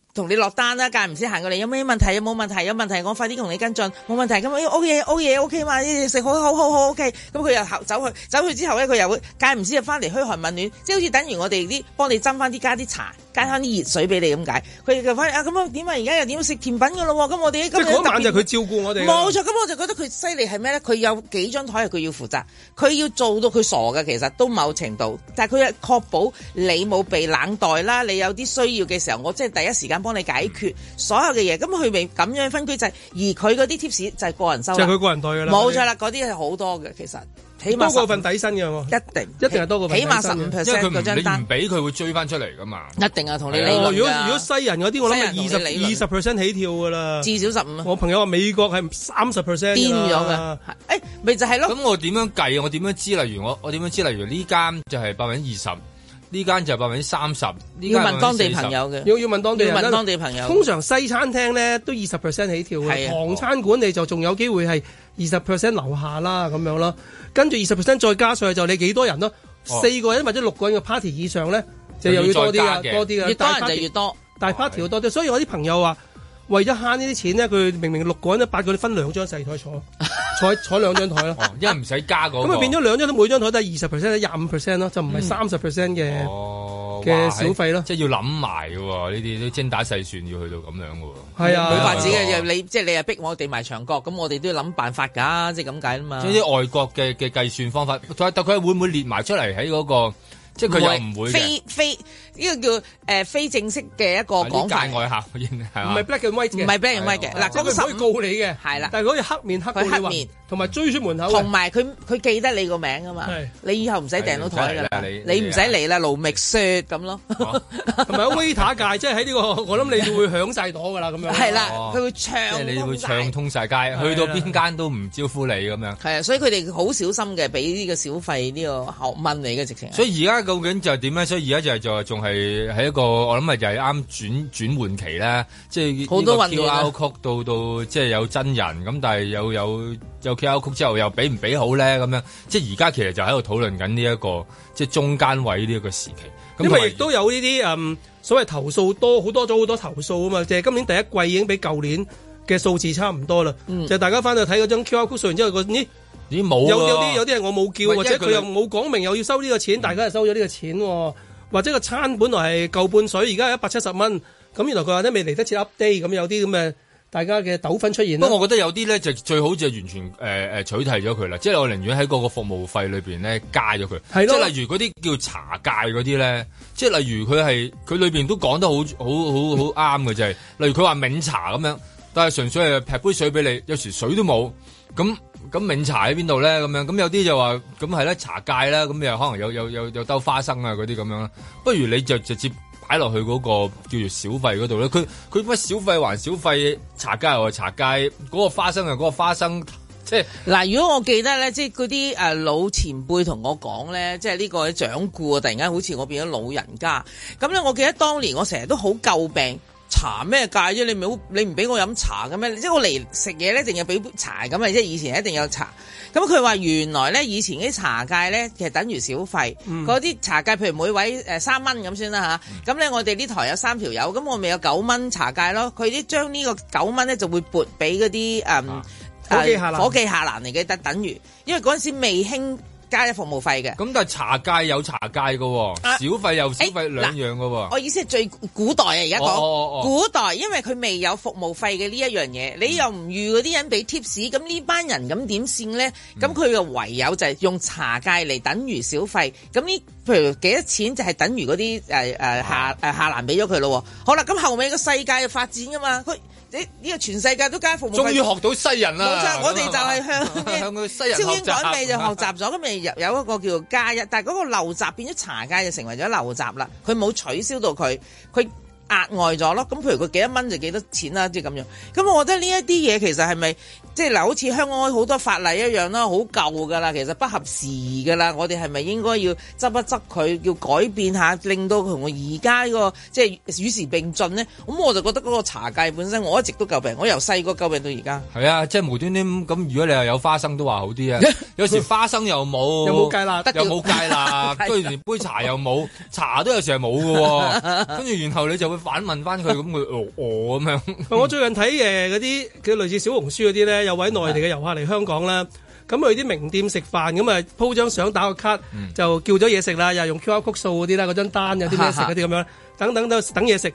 Speaker 2: 同你落單啦，間唔時行過嚟，有咩問題，有冇問題？有問題我快啲同你跟進，冇問題咁。哎 O K O K O K 嘛，啲嘢食好好好好 O K，咁佢又走去走去之後咧，佢又會間唔時又翻嚟虛寒問暖，即係好似等於我哋啲幫你斟翻啲加啲茶，加翻啲熱水俾你咁解。佢、啊、又翻啊咁啊點啊而家又點食甜品㗎咯喎？咁我哋今日特別即係嗰晚就佢
Speaker 3: 照顧我哋，冇錯。
Speaker 2: 咁我就覺得佢犀利係咩咧？佢有幾張台係佢要負責，佢要做到佢傻嘅，其實都某程度，但係佢係確保你冇被冷待啦。你有啲需要嘅時候，我即係第一時間。幫你解決所有嘅嘢，咁佢咪咁樣分區制，而佢嗰啲 tips 就係個人收，就係佢個人袋啦。冇錯啦，嗰啲係好多嘅，其實起碼多過份
Speaker 3: 底薪嘅。一定
Speaker 2: 一定係多過份，起碼十五
Speaker 3: percent 嗰張單，你唔俾佢會追翻出嚟噶嘛？
Speaker 2: 一定啊，同
Speaker 3: 你哦。如果如果西人嗰啲，我諗係二十二十 percent 起跳噶啦，至少十五啊。我朋友話美國係三十 percent 癲咗嘅，
Speaker 1: 誒，咪就係咯。咁我點樣計啊？我點樣知？例如我，我點樣知？例如呢間就係百分之二十。呢間就百分之三十，要問當地朋友嘅，要要問當地要問當地朋友。通
Speaker 3: 常西餐廳咧都二十 percent 起跳嘅，唐的餐館你就仲有機會係二十 percent 樓下啦咁樣咯。跟住二十 percent 再加上去就你幾多人咯？四、哦、個人或者六個人嘅 party 以上咧，就又要多啲嘅，多啲嘅。越多人就越多，但 party, 的大 party 要多啲。所以我啲朋友話。為咗慳呢啲錢咧，佢明明六個人一八個人分兩張細台坐，坐坐兩張台咯，
Speaker 1: 因為唔使加嗰。咁咪變咗
Speaker 3: 兩張都每張台都係二十 percent、廿五 percent 咯，就唔係三十 percent 嘅嘅小費咯。即係、就是、
Speaker 1: 要諗埋嘅呢啲都精打細算，要去到咁樣嘅。係啊，佢發展嘅你即
Speaker 2: 係、就是、你啊逼我哋埋牆角，咁我哋都要諗辦法噶，即係
Speaker 1: 咁解啊嘛。總之外國嘅嘅計算方法，但佢會唔會列埋出嚟喺嗰個，即係佢又唔會嘅。
Speaker 2: 呢個叫誒非正式嘅一個講界
Speaker 1: 外校，唔係 Black
Speaker 2: and White 嘅，唔係 Black and White 嘅，嗱即係佢可以告你嘅，係啦，但係攞住黑面黑佢黑面，同埋追出門口，同埋佢佢記得你個名㗎嘛，你以後唔使訂到台㗎啦，你唔使嚟啦，盧覓雪咁咯，同
Speaker 3: 埋個 waiter 界即係喺呢個，我諗你會響
Speaker 1: 曬到㗎啦，咁樣係啦，佢會唱即係你會唱通曬街，去到邊間都唔招呼你咁樣，
Speaker 2: 係啊，所以佢哋好小心嘅，俾呢個小費呢個學問你嘅直情，所
Speaker 1: 以而家究竟就係點咧？所以而家就係就係仲係。係喺一個我諗咪又係啱轉轉換期咧，即係呢個 QR Code 到到即係有真人咁，但係有有有 QR Code 之後又俾唔俾好咧咁樣，即係而家其實就喺度討論緊呢一個即係中間位呢一個時期咁咪
Speaker 3: 亦都有呢啲嗯所謂投訴多好多咗好多投訴啊嘛，即、就、係、是、今年第一季已經比舊年嘅數字差唔多啦，嗯、就係大家翻去睇嗰張 QR Code 數完之後個咦咦冇有啲、啊、有啲係我冇叫或者佢又冇講明又要收呢個錢，大家係收咗呢個錢、哦。或者個餐本來係舊半水，而家係一百七十蚊，咁原來佢話都未嚟得切 update，咁有啲咁嘅大家嘅糾紛出現。不過我覺得有
Speaker 1: 啲咧就最好就完全誒誒、呃、取締咗佢啦，即係我寧願喺個個服務費裏邊咧加咗佢的，即係例如嗰啲叫茶芥嗰啲咧，即係例如佢係佢裏邊都講得好好好好啱嘅就啫、是。例如佢話茗茶咁樣，但係純粹係劈杯水俾你，有時水都冇咁。咁茗茶喺邊度咧？咁樣，咁有啲就話，咁係咧茶界啦，咁又可能有有有有兜花生啊嗰啲咁樣啦。不如你就直接擺落去嗰個叫做小費嗰度咧。佢佢乜小費還小費？茶街又係茶街，嗰、嗰個花生啊，嗰、嗰個花生即係嗱。
Speaker 2: 即係、如果我記得咧，即係嗰啲誒老前輩同我講咧，即係呢個掌故啊。突然間好似我變咗老人家。咁咧，我記得當年我成日都好詬病。茶咩界啫？你唔好，你唔俾我飲茶嘅咩？即係我嚟食嘢咧，一定要俾杯茶咁啊！即係以前一定有茶。咁佢話原來咧，以前啲茶界咧，其實等於小費。嗰啲，嗯、茶界譬如每位誒三蚊咁先啦嚇。咁、呃、咧、嗯、我哋呢台有三條友，咁我咪有九蚊茶界咯。佢啲將呢個九蚊咧就會撥俾嗰啲誒誒火記下欄嚟嘅，得等於，因為嗰陣時未興。加嘅服務費嘅，咁，但係茶
Speaker 1: 界有茶界嘅，哦啊，小費有小費兩，欸、樣嘅，哦。我意
Speaker 2: 思係最古代啊，而家講古代，因為佢未有服務費嘅呢一樣嘢，你又唔預嗰啲人俾貼士咁呢班人咁點算咧？咁佢又唯有就係用茶界嚟，等於小費咁呢？譬如幾多錢就係等於嗰啲誒誒下誒、啊、下欄俾咗佢咯。好啦，咁後尾個世界嘅發展噶嘛，佢。呢個全世界都加服務費，終於學到西人啦！冇錯錯，我哋就係向 (laughs) 向佢西人學習，未就學習咗，咁咪入有一個叫加一，但係嗰個陋習變咗茶界就成為咗陋習啦，佢冇取消到佢，佢。額外咗咯，咁譬如佢幾多蚊就幾多錢啦，即係咁樣。咁我覺得呢一啲嘢其實係咪即係嗱，就是、好似香港好多法例一樣啦，好舊噶啦，其實不合時宜噶啦。我哋係咪應該要執一執佢，要改變下，令到佢同我而家呢個即係、就是、與時並進呢？咁我就覺得嗰個茶界本身我一直都夠病，我由細個夠病到而家。
Speaker 1: 係啊，即係無端端咁。如果你話有花生都話好啲啊，有時花生又冇， (laughs) 有冇芥辣，有冇芥辣，跟住 (laughs) 杯茶又
Speaker 3: 冇， (laughs) 茶都有時係冇嘅。跟住 (laughs) 然，然後你就會。反問翻佢，咁佢我咁樣。我樣 (laughs) 最近睇誒啲嘅類似小紅書嗰啲咧，有位內地嘅遊客嚟香港咧，咁 (laughs) 去啲名店食飯，咁啊鋪張相打個卡， (laughs) 就叫咗嘢食啦，又用 QR code 掃嗰啲啦，嗰張單有啲咩食嗰啲咁樣，等等都等嘢食。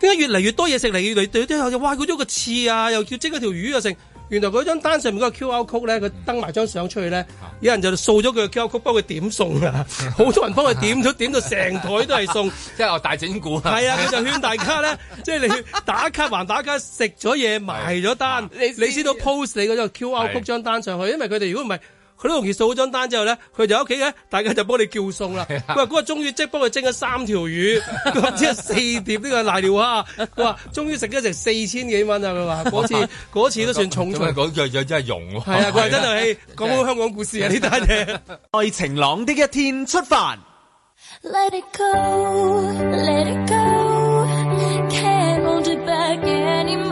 Speaker 3: 點解越嚟越多嘢食嚟越嚟？啲又哇，攰咗個翅啊，又叫即嗰條魚又食。原來嗰張單上面嗰個 QR Code 咧，佢登埋張相出去咧，有人就掃咗佢嘅 QR Code 幫佢點送啊！好多人幫佢點咗，點到成枱都係送，即係我大整蠱啊！係啊，佢就勸大家咧，即係你打卡還打卡，食咗嘢埋咗單，你你先到 post 你嗰張 QR Code 張單上去，因為佢哋如果唔係。佢都同期掃咗張單之後咧，佢就喺屋企嘅，大家就幫你叫餸啦。佢話嗰個終於即幫佢蒸咗三條魚，唔知四碟呢個瀨尿蝦。佢話終於食咗成四千幾蚊啊！佢話嗰次嗰次都算重，咁佢
Speaker 1: 嗰隻樣真係融喎。係啊，佢係真係講好香港故事啊！呢單
Speaker 3: 嘢，在晴朗的一天出發。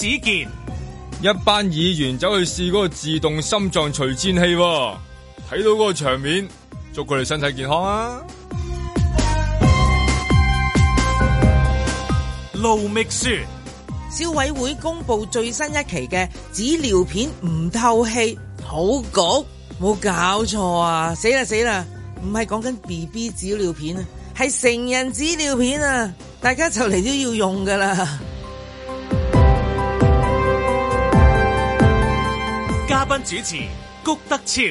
Speaker 1: 子健，一班議員走去試嗰個自動心臟除顫器、啊，睇到嗰個場面，祝佢哋身體健康啊！盧
Speaker 2: 覓雪，消委會公布最新一期嘅紙尿片唔透氣，好焗，冇搞錯啊！死啦死啦，唔係講緊 B B 紙尿片啊，係成人紙尿片啊，大家就嚟都要用噶啦。
Speaker 3: 嘉賓主持谷德超，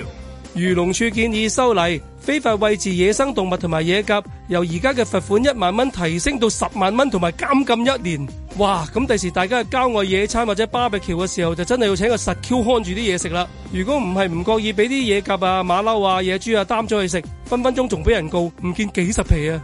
Speaker 3: 漁農署建議修例非法餵飼野生動物同埋野鴿，由而家嘅罰款一萬蚊提升到十萬蚊，同埋監禁一年。哇！咁第時大家去郊外野餐或者 BBQ 嘅時候，就真係要請個實 Q 看住啲嘢食啦。如果唔係唔覺意俾啲野鴿啊、馬騮啊、野豬啊擔咗、啊、去食，分分鐘仲俾人告，唔見幾十皮啊！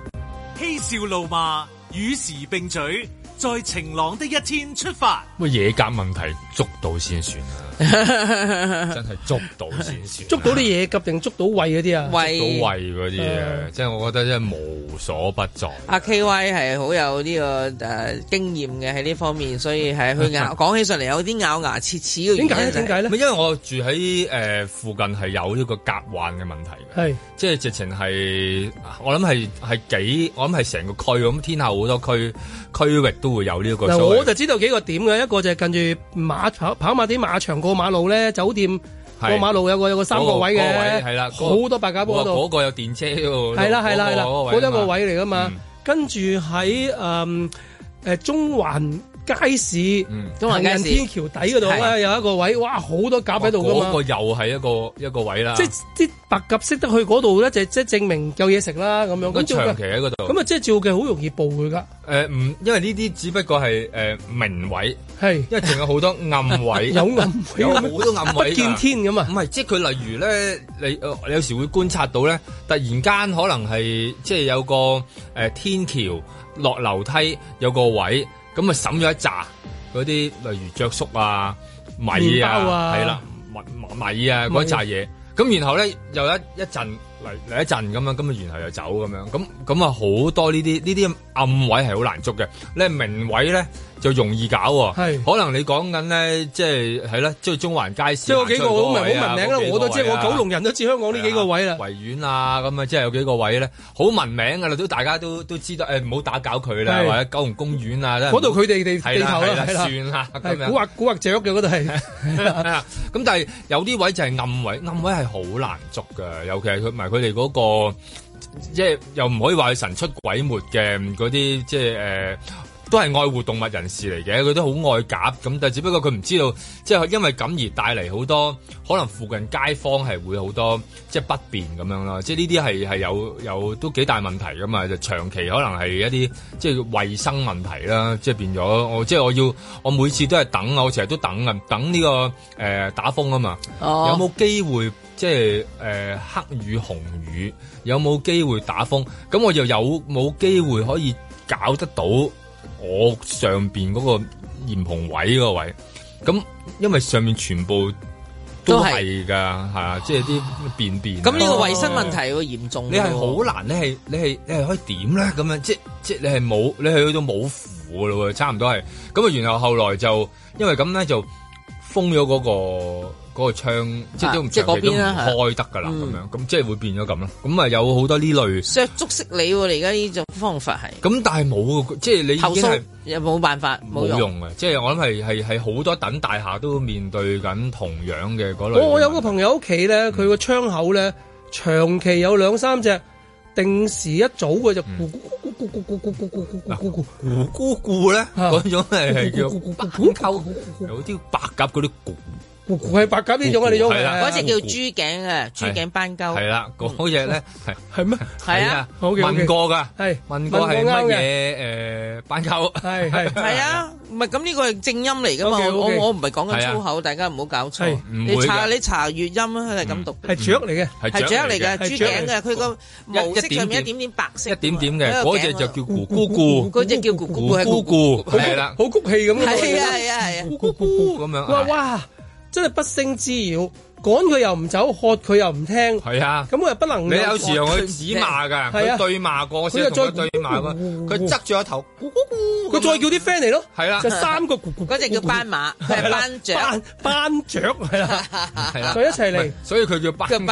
Speaker 1: 嬉笑怒罵，與時並舉，在晴朗的一天出發。乜野鴿問題捉到先算啦。 (laughs) 真係捉到先
Speaker 3: 算，捉到啲嘢急，定捉到胃嗰啲啊！胃捉到胃嗰啲啊，嗯、
Speaker 1: 即係我覺得真係無所不作。
Speaker 3: 阿、啊、K Y 係好有呢、呢個誒、呃、經
Speaker 2: 驗嘅喺呢方面，所以係佢、嗯、咬講起上嚟有啲咬牙切齒嘅。點解咧？點
Speaker 1: 解咧？因為我住喺誒、呃、附近係有呢個夾患嘅問題嘅，係是即係直情係我諗係係幾，我諗係成個區咁，天下好多區區域都會有呢、呢個。呃、我
Speaker 3: 就知道幾個點嘅，一個就係近住馬場跑馬地馬場。過馬路咧，酒店過馬路有個有個三個位嘅，係、那個那個、啦，好多白鴿嗰度，嗰個
Speaker 1: 有電車，係啦係啦係啦，嗰三個位
Speaker 3: 嚟噶嘛，嘛嗯、跟住喺誒誒中環。街市，都係、嗯、天橋底嗰度咧有一個位，嗯、哇，好哇多鴿喺度噶嘛。嗰個
Speaker 1: 又係一個一個位啦。即係
Speaker 3: 啲白鴿識得去嗰度咧，就即係證明夠嘢食啦咁樣。都長期喺嗰度。咁啊，即係照計好容易報佢噶。
Speaker 1: 誒，唔，因為呢啲只不過係誒明位，係是，因為仲有好多暗位。 (laughs) 有暗位啦。有好多暗位。 (laughs) 不見天咁啊。唔係，即係佢例如咧，你有時會觀察到咧，突然間可能係即係有個誒天橋落樓梯有個位。咁啊，審咗一扎嗰啲，例如雀粟啊、米啊，係、啊、啦，米啊嗰米一扎嘢。咁然後咧，又一一陣嚟嚟一陣咁樣，咁啊，然後又走咁樣。咁咁啊，好多呢啲呢啲暗位係好難捉嘅。咧明位咧。就容易搞，可能你講緊咧，即係係啦，即係中環街市。即係幾個我唔係好聞名啦，我都知我九龍人都知香港呢幾個位啦，維園啊咁啊，即係有幾個位咧，好聞名噶啦，都大家都都知道，誒唔好打攪佢啦，或者九龍公園啊，嗰度佢哋地地頭啦算啦，古惑
Speaker 3: 古惑仔嘅嗰度係，
Speaker 1: 咁但係有啲位就係暗位，暗位係好難捉噶，尤其係佢唔係佢哋嗰個，即係又唔可以話神出鬼沒嘅嗰啲，即係誒。都係愛護動物人士嚟嘅，佢都好愛鴿咁，但係只不過佢唔知道，即係因為咁而帶嚟好多可能附近街坊係會好多即係不便咁樣咯，即係呢啲係係有有都幾大問題㗎嘛，就長期可能係一啲即係衛生問題啦，即係變咗我即係我要我每次都係等啊，我成日都等啊，等呢、這個誒、呃、打風啊嘛，oh. 有冇機會即係誒、呃、黑雨紅雨有冇機會打風？咁我又有冇機會可以搞得到？我上邊嗰個鹽蓬位嗰個位，咁因為上面全部都係噶，吓，即係啲便便。咁呢個衛生問題會嚴重。你係好難，你係你係你係可以點咧？咁樣即即你係冇，你係嗰種冇符噶咯，差唔多係。咁啊，然後後來就因為咁咧，就封咗嗰個。嗰個窗即係都長期都唔開得㗎啦，咁樣咁即係會變咗咁咯。咁啊有好多呢類捉
Speaker 2: 足識你喎，而家呢種方法係。
Speaker 1: 咁但係冇，即係你已經
Speaker 2: 係冇辦法
Speaker 1: 冇用嘅。即係我諗係係係好多等大廈都面對緊同樣嘅嗰
Speaker 3: 類。我有個朋友屋企咧，佢個窗口咧長期有兩三隻，定時一早佢就咕咕咕咕咕咕咕咕咕咕咕咕咕咕咕咕咕咕咧，嗰種係係
Speaker 1: 叫白鴿，有啲白鴿嗰啲咕。
Speaker 3: 係白鴿呢種
Speaker 1: 啊，呢種嗰隻叫豬頸嘅，豬頸斑鳩。係啦，嗰隻咧係係咩？係
Speaker 2: 啊，
Speaker 3: 問過噶，係問過係乜嘢？誒，斑鳩係係係啊，
Speaker 2: 唔係咁呢個係正音嚟噶嘛？我我唔係講緊粗口，大家唔好搞錯。唔會，你查你查粵音佢係咁讀。係雀嚟嘅，係雀嚟嘅，豬頸嘅，佢個毛色上面
Speaker 1: 一點點白色，一點點嘅，嗰隻就叫咕咕咕。嗰
Speaker 3: 隻叫咕咕咕係咕咕，係啦，好谷氣咁樣。係啊係啊，咕咕咕咁樣。哇哇！真係不勝之擾。趕佢又唔走，喝佢又唔聽，係啊，咁我又不能。你有時同佢指罵噶，佢對罵過先同佢對罵。佢側住一頭，咕咕咕，佢再叫啲 friend 嚟咯，係啦，就三個咕咕。嗰隻叫斑馬，係班長，班長係啦，
Speaker 1: 係啦，佢一齊嚟。所以佢叫班鳩，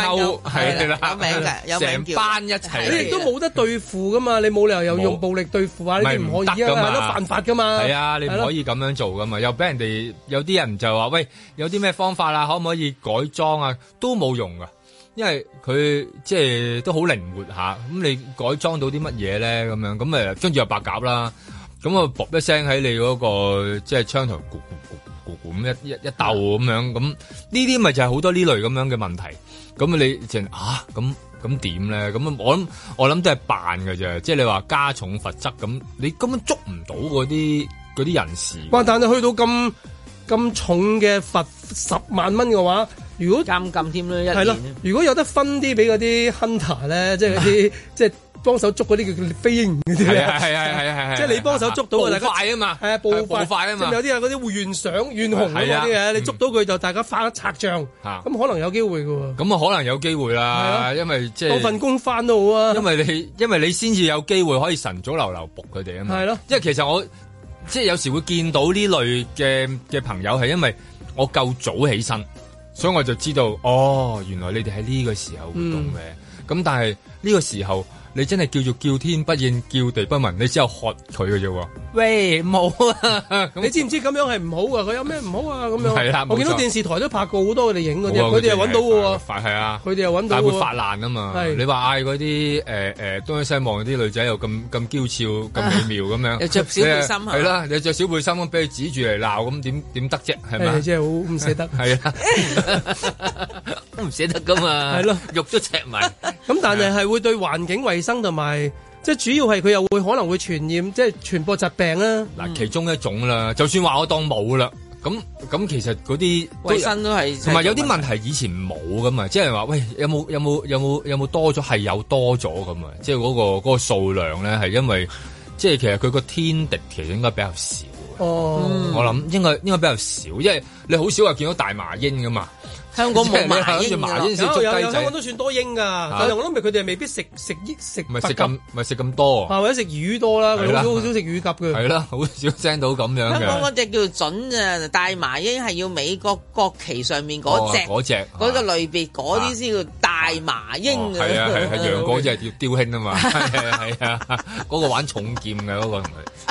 Speaker 1: 係啦，有名嘅，有成班一齊。你亦都
Speaker 3: 冇得對付噶嘛，你冇理由又用暴力對付啊！你啲唔可以啊，都犯法噶嘛。係啊，你唔可
Speaker 1: 以咁樣做噶嘛，又俾人哋有啲人就話喂，有啲咩方法啦，可唔可以改裝啊，都冇用噶，因為佢即係都好靈活吓。咁っ、嗯、你改裝到啲乜嘢咧？咁樣咁誒，跟住又白鴿啦。咁啊，卜一聲喺你嗰個即係窗台咕咕咕咕咁一一一斗咁樣。咁呢啲咪就係好多呢類咁樣嘅問題。咁你就啊，咁咁點咧？咁我諗我諗都係扮噶啫。即係你話加重罰則咁，ave, 你根本捉唔到嗰啲嗰啲人士
Speaker 3: 哇。但係去到咁咁重嘅罰十萬蚊嘅話。10, 000, 25, 25, 25. 如果監禁添啦，一年，如果有得分啲俾嗰啲 hunter 咧，即係啲即係幫手捉嗰啲叫飛鷹嗰啲咧，係係係即係你幫手捉到，大家快啊嘛，係啊，步快啊嘛，有啲啊嗰啲怨上怨紅嗰啲嘅，你捉到佢就大家發一拆仗，咁可能有機會嘅
Speaker 1: 喎，咁啊可能有機會啦，因為即係份工
Speaker 3: 翻都好啊，因為你
Speaker 1: 因為你先至有機會可以晨早流流仆佢哋啊嘛，係咯，即係其實我即係有時會見到呢類嘅嘅朋友係因為我夠早起身。所以我就知道，哦，原來你哋喺呢個時候活動嘅，咁、嗯、但係呢個時候。你真係叫做叫天不應，叫地不聞，你只有喝佢嘅啫喎。
Speaker 3: 喂，冇啊！你知唔知咁樣係唔好啊？佢有咩唔好啊？咁樣係我見到電視台都拍過好多佢哋影嗰啲，佢哋揾到嘅
Speaker 1: 喎。啊，佢哋又揾到。但會發爛啊嘛！你話嗌嗰啲誒誒東西南望啲女仔又咁咁嬌俏、咁美妙咁樣，你着小背心係啦，你着小背心咁俾佢指住嚟鬧咁點點得啫？係咪？真係
Speaker 3: 好唔捨得。係
Speaker 1: 啊。都唔捨得噶嘛，係咯， (laughs) 肉都食埋。
Speaker 3: 咁但係係會對環境衛生同埋，即係主要係佢又會可能會傳染，即係傳播疾病啦、啊。嗱，其中一
Speaker 1: 種啦。嗯、就算話我當冇啦，咁咁其實嗰啲衛生都係同埋有啲問題以前冇噶嘛，即係話喂，有冇有冇有冇有冇多咗係有多咗咁啊？即係嗰個嗰、嗰個數、嗰個、量咧，係因為即係其實佢個天敵其實應該比較少。
Speaker 3: 哦、嗯，我
Speaker 1: 諗應該應該比較少，因為你好少話見到大麻鷹噶嘛。香港冇麻鷹，香港都
Speaker 3: 算多鷹㗎。但係我諗佢哋，未必食食益食。唔係食咁，
Speaker 1: 唔係食咁多。或
Speaker 3: 者食魚多啦，佢好少食魚鴿嘅。係啦，
Speaker 1: 好少聽到咁樣嘅。香港嗰
Speaker 2: 隻叫準啊，大麻鷹係要美國國旗上面嗰隻。嗰隻嗰個類別嗰啲先叫大麻鷹啊。係啊係係，楊
Speaker 1: 過嗰隻叫雕兄啊嘛。係啊係啊，嗰個玩重劍嘅嗰個。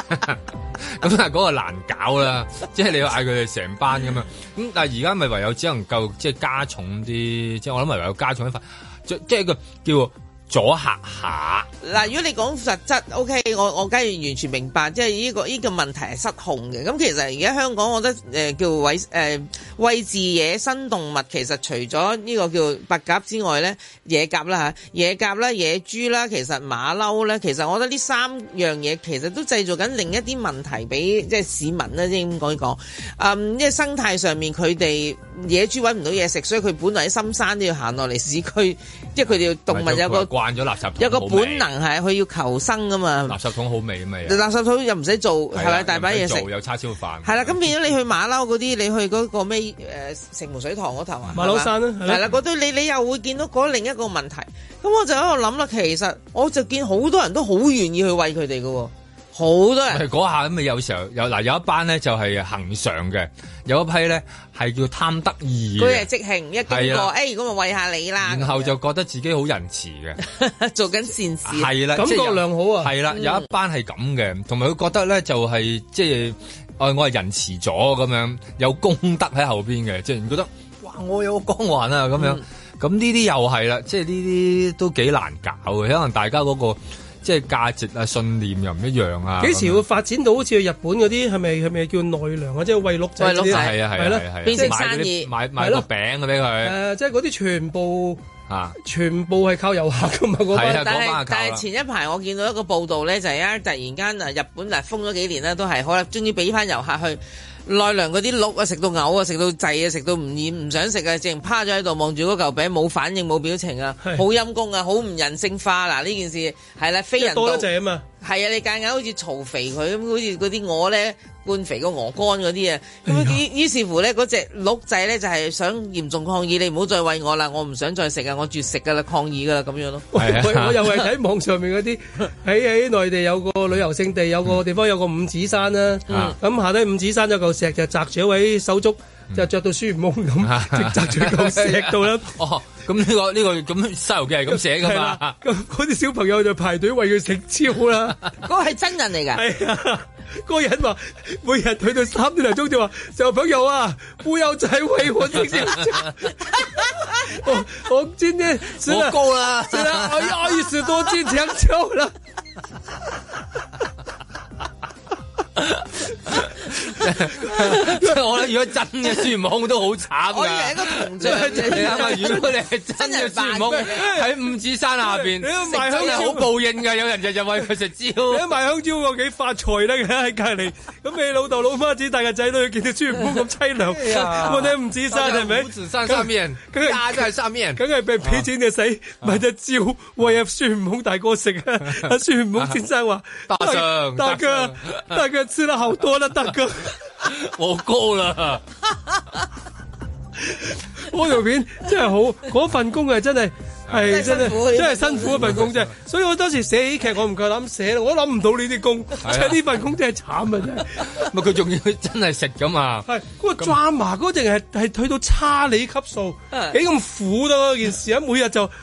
Speaker 1: 咁但係嗰個難搞啦，即係你要嗌佢哋成班咁啊。咁但係而家咪唯有只能夠加重啲，即係我諗係為咗加重一份，即即係一個叫，叫 (music) 阻吓下
Speaker 2: 嗱，如果你講實質，O、okay, K，我我梗係完全明白，即係呢、這個依、這個問題係失控嘅。咁其實而家香港，我覺得誒、呃、叫喂誒餵飼野生動物，其實除咗呢個叫白鴿之外咧，野鴿啦吓，野鴿啦，野豬啦，其實馬騮咧，其實我覺得呢三樣嘢其實都製造緊另一啲問題俾即係市民咧，即係咁講因為，生態上面佢哋野豬揾唔到嘢食，所以佢本來喺深山都要行落嚟市區，即係佢哋動物、嗯、有，、就是、有個。
Speaker 1: 扮咗垃圾桶好味，有個本
Speaker 2: 能係佢要求生啊嘛。垃圾
Speaker 1: 桶好味啊嘛。垃
Speaker 2: 圾桶又唔使做，係咪大把嘢食？有
Speaker 1: 叉燒飯。
Speaker 2: 係啦呀，咁變咗你去馬騮嗰啲，你去嗰個咩誒城門水塘嗰頭啊？馬騮山啦，係啦。嗰堆你你又會見到嗰另一個問題。咁我就喺度諗啦，其實我就見好多人都好願意去餵佢哋嘅。好多人
Speaker 1: 嗰下咁啊，有時候有嗱有一班咧就係、是、行善嘅，有一批咧係叫貪得意。佢係
Speaker 2: 即興，一經過誒，咁的、哎、如果我喂下你啦，然後
Speaker 1: 就覺得自己好仁慈嘅，
Speaker 2: (laughs) 做緊善事係
Speaker 1: 啦，的感覺良好啊。係啦，有一班係咁嘅，同埋佢覺得咧就係、是、即係，誒、哎、我係仁慈咗咁樣，有功德喺後邊嘅，即係覺得哇我有個光環啊咁樣。咁呢啲又係啦，即係呢啲都幾難搞嘅，可能大家嗰、那個。即係價值啊，信念又唔一樣啊！幾時
Speaker 3: 會發展到好似日本嗰啲係咪係咪叫奈良啊，即係餵鹿仔？係啊係啊係啦係啊！變成生意？買買個
Speaker 1: 餅嘅俾佢。誒，
Speaker 3: 即係嗰啲全部。全部係靠遊客噶嘛，的但係是但係
Speaker 2: 前一排我見到一個報道咧，就係而家突然間啊，日本啊封咗幾年啦，都係好啦，終於俾返遊客去奈良嗰啲鹿啊，食到嘔啊，食到滯啊，食到唔厭唔想食啊，淨係趴咗喺度望住嗰嚿餅冇反應冇表情啊，好陰功啊，好唔人性化嗱！呢件事係啦，非人道啊嘛，係啊，你間硬好似嘈肥佢咁，好似嗰啲鵝咧。灌肥個鵝肝嗰啲啊，咁、哎、呦於，於是乎咧，嗰隻鹿仔咧就係想嚴重抗議，你唔好再餵我啦，我唔想再食啊，我絕食噶啦，抗議噶啦咁樣咯。
Speaker 3: 係、 (noise) 哎、我又係喺網上面嗰啲，喺喺 (laughs) 內地有個旅遊勝地，有個地方有個五指山啦、啊嗯 (noise) 嗯。嗯，咁下低五指山有嚿石就砸住，位手足就着到孫悟空咁，就砸住嚿
Speaker 1: 石到一旁。 (noise) (noise) (noise) 嗯咁呢個呢個咁《西遊記》係咁寫噶嘛？
Speaker 3: 咁嗰啲小朋友就排隊為佢食蕉啦。嗰個係真人嚟噶，係啊，嗰個人話，每日去到三點零鐘就話：小朋友啊，烏有仔餵我食蕉。我我真呢，我夠啦，真啊，二二十多斤香蕉啦。
Speaker 1: 我覺得如果真嘅孫悟空都好慘噶。我哋係一個同住。你諗下，如果你係真嘅孫悟空喺五指山下邊，你賣香好報
Speaker 3: 應噶。有人日日餵佢食蕉。你賣香蕉又幾發財咧？喺隔籬，咁你老豆老媽子大個仔都要見到孫悟空咁淒涼。我睇喺五指山係咪？五指山上面，梗係喺上面，梗係俾皮錢就死，咪就蕉餵入孫悟空大哥食啊！阿孫悟空先生話，大將，大將，大將。知啦，好多啦，得哥，我高啦。嗰條片真係好，嗰份工係真係，係 (laughs) 真係真係辛苦一份工啫。 (laughs) 所以我當時寫喜劇，我唔夠膽寫我諗唔到呢啲工，呢 (laughs) 份工真係慘啊！咪佢仲要真係食㗎嘛？係嗰 (laughs) 個 drama 嗰隻人係係去到差你級數，幾咁苦咯件事啊！每日就。 (laughs) (laughs)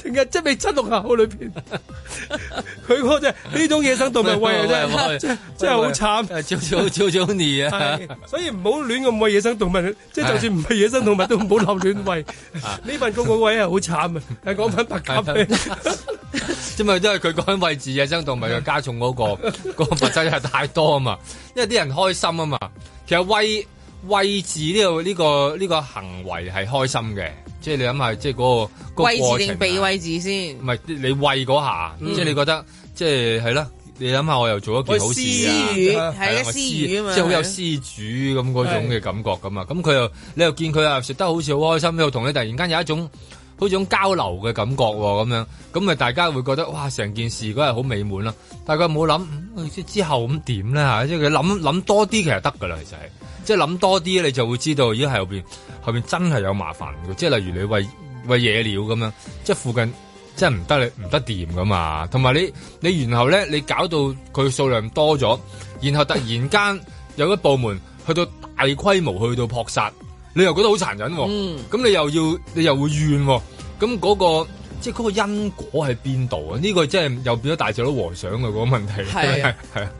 Speaker 3: 成日即俾七六下喺裏邊，佢嗰隻呢種野生動物餵啊，真係真係好慘。超超超超啊！所以唔好亂咁餵野生動物，即係就算唔係野生動物都唔好立亂餵。呢份公共位係好慘啊！講返白鴿，
Speaker 1: 因為都係佢講緊餵自野生動物嘅加重嗰個嗰個物質係太多啊嘛，因為啲人開心啊嘛，其實餵。餵食呢個呢、這個呢、這個行為係開心嘅，即係你諗，那個那個、下，嗯、即係嗰個餵食定
Speaker 2: 被餵食先？
Speaker 1: 唔係你喂嗰下，即係你覺得，即係係啦。你諗下，我又做一件好事啊，係啦，施主，即係好有施主咁嗰種嘅感覺咁啊。咁佢又你又見佢啊，食得好似好開心，喺度同你突然間有一種。嗰種交流嘅感覺喎，咁樣咁咪大家會覺得哇，成件事嗰日好美滿咯。大家冇諗，之後咁點咧嚇？即係諗諗多啲，其實得噶啦，其實係即係諗多啲，你就會知道，而家後邊後邊真係有麻煩嘅。即係例如你餵餵野鳥咁樣，即係附近即係唔得你唔得掂噶嘛。同埋你你然後咧，你搞到佢數量多咗，然後突然間有一部門去到大規模去到撲殺。你又覺得好殘忍喎、啊，咁、嗯、你又要你又會怨喎、啊，咁嗰、那個即係嗰個因果喺邊度啊？呢、這個真係又變咗大隻佬和尚嘅嗰、那個問題，係是啊。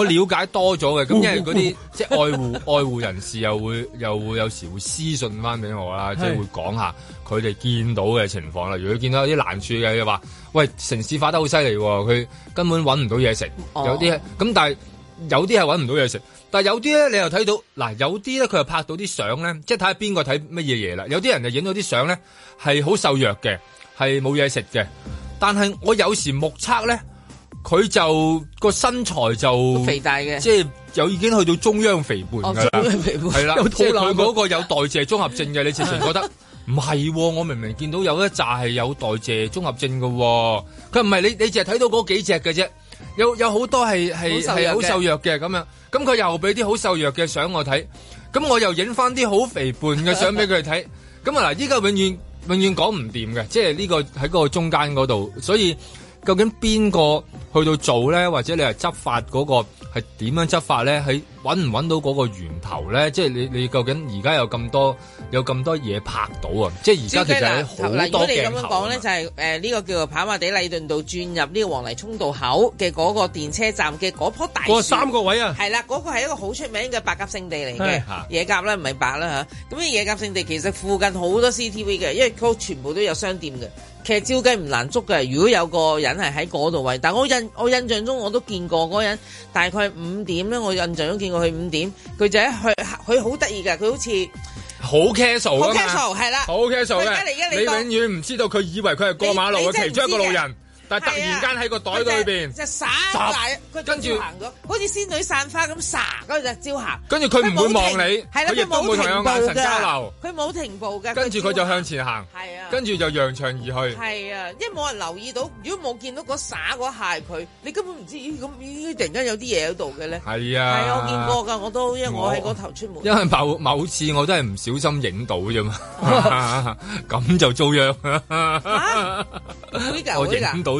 Speaker 1: 我了解多咗嘅，咁因為嗰啲即係愛護愛護人士又會又會有時會私信翻俾我啦，即係會講下佢哋見到嘅情況啦。如果見到有啲難處嘅，又話，喂，城市化得好犀利，佢根本揾唔到嘢食。有啲咁、oh.，但係有啲係揾唔到嘢食，但係有啲咧，你又睇到嗱，有啲咧佢又拍到啲相咧，即係睇下邊個睇乜嘢嘢啦。有啲人就影到啲相咧係好瘦弱嘅，係冇嘢食嘅。但係我有時目測咧。佢就個身材就肥大嘅，即係就已經去到中央肥胖噶啦，係啦，即係佢嗰個有代謝綜合症嘅。你直情覺得唔係，我明明見到有一扎係有代謝綜合症噶。佢唔係，你你淨係睇到嗰幾隻嘅啫，有有好多係係係好瘦弱嘅咁樣。咁佢又俾啲好瘦弱嘅相我睇，咁我又影翻啲好肥胖嘅相俾佢睇。咁啊嗱，依家永遠永遠講唔掂嘅，即係呢個喺嗰個中間嗰度，所以。究竟邊個？去到做咧，或者你係執法嗰，那個係點樣執法咧？係揾唔揾到嗰個源頭咧？即係你你究竟而家有咁多有咁多嘢拍到啊？即係而家其實好多鏡頭，嗯、多如果你咁
Speaker 2: 樣講咧，就係誒呢個叫做跑馬地禮頓道轉入呢個黃泥涌道口嘅嗰個電車站嘅嗰樖大。嗰、哦、
Speaker 3: 三個位啊！
Speaker 2: 係啦，嗰、那個係一個好出名嘅白鴿聖地嚟嘅，嘿野鴿咧唔係白啦嚇。咁嘿野鴿聖地其實附近好多 C T V 嘅，因為佢全部都有商店嘅，其實照計唔難捉嘅。如果有個人係喺嗰度位，但我我印象中我都見過嗰個人，大概五點咧。我印象中見過佢五點，佢就係佢佢好得意嘅，佢好似
Speaker 1: 好 casual casual 係啦，好 casual 嘅，你,你永遠唔知道佢以為佢係過馬路嘅其中一個路人。但係突然間喺個袋度裏邊，就
Speaker 2: 撒大，佢跟住好似仙女散花咁撒，嗰隻招行。跟住佢唔會望你，係啦，佢亦都唔同有眼神交流。佢冇停步嘅，跟住佢就向前
Speaker 1: 行。係啊，跟住就揚長而去。
Speaker 2: 係啊，因為冇人留意到，如果冇見到嗰撒嗰鞋佢，你根本唔知咦咁咦，突然間有啲嘢喺度嘅咧。係啊，係啊，我見過㗎，我都因為我喺個頭出
Speaker 1: 門。因為某某次我都係唔小心影到啫嘛，咁就遭殃。
Speaker 2: 會㗎，我影
Speaker 1: 到。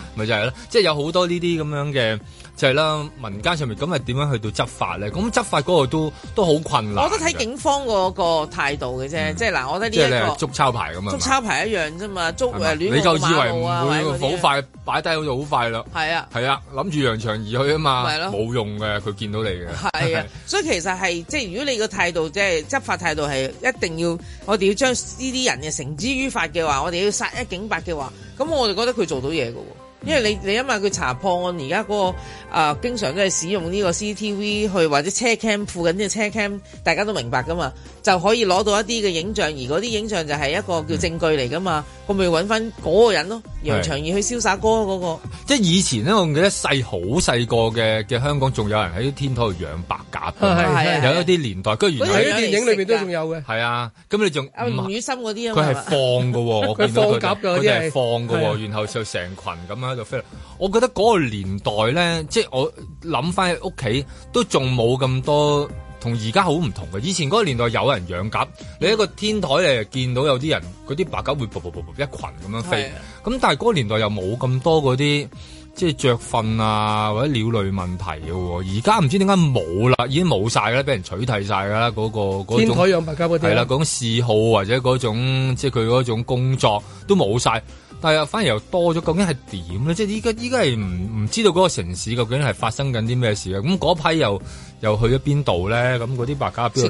Speaker 1: 咪就係咯，即係有好多呢啲咁樣嘅，就係、是、啦，民間上面咁係點樣去到執法咧？咁執法嗰個都都好困難。我，嗯、我覺得睇
Speaker 2: 警方嗰個態度嘅啫，即係嗱，我覺得呢一個
Speaker 1: 捉抄牌咁啊，捉抄
Speaker 2: 牌一樣啫嘛，捉誒亂以擺唔啊，好快
Speaker 1: 擺低，好就好快咯。係啊，係啊，諗住揚長而去啊嘛，冇、啊、用嘅，佢見到你嘅。係啊，啊
Speaker 2: (laughs) 所以其實係即係如果你個態度即係、就是、執法態度係一定要，我哋要將呢啲人嘅繩之於法嘅話，我哋要殺一儆百嘅話，咁我哋覺得佢做到嘢嘅喎。因為你你因為佢查破案，而家嗰個啊、呃、經常都係使用呢個 CCTV 去或者車 cam 附近啲車 cam，大家都明白㗎嘛，就可以攞到一啲嘅影像，而嗰啲影像就係一個叫證據嚟㗎嘛。我咪揾翻嗰個人咯，楊長
Speaker 1: 義去《瀟灑哥》嗰個。即係以前咧，我記得細好細個嘅嘅香港，仲有人喺天台度養白鴿。係的有一啲年代，跟住原來喺啲電影裏
Speaker 2: 邊都仲有嘅。
Speaker 1: 係啊，咁你仲阿吳
Speaker 2: 宇森嗰啲啊？佢係放嘅喎， (laughs) 我見到佢。佢放鴿嗰啲係放嘅喎，的
Speaker 1: 然後就成群咁樣喺度飛。我覺得嗰個年代咧，即係我諗翻喺屋企都仲冇咁多。同而家好唔同嘅。以前嗰個年代有人養鴿，你喺個天台誒，見到有啲人嗰啲白鴿會噗噗噗噗一羣咁樣飛，咁的但係嗰個年代又冇咁多嗰啲即係雀糞啊或者鳥類問題嘅喎，而家唔知點解冇啦，已經冇曬啦，俾人取締曬啦嗰個天台養
Speaker 3: 白鴿嗰啲係啦，
Speaker 1: 講嗜好或者嗰種即係佢嗰種工作都冇晒。但係又反而又多咗，究竟係點咧？即係依家依家係唔唔知道嗰個城市究竟係發生緊啲咩事嘅，咁嗰批又。又去咗邊度咧？咁嗰啲白鴿又邊度嚟咧？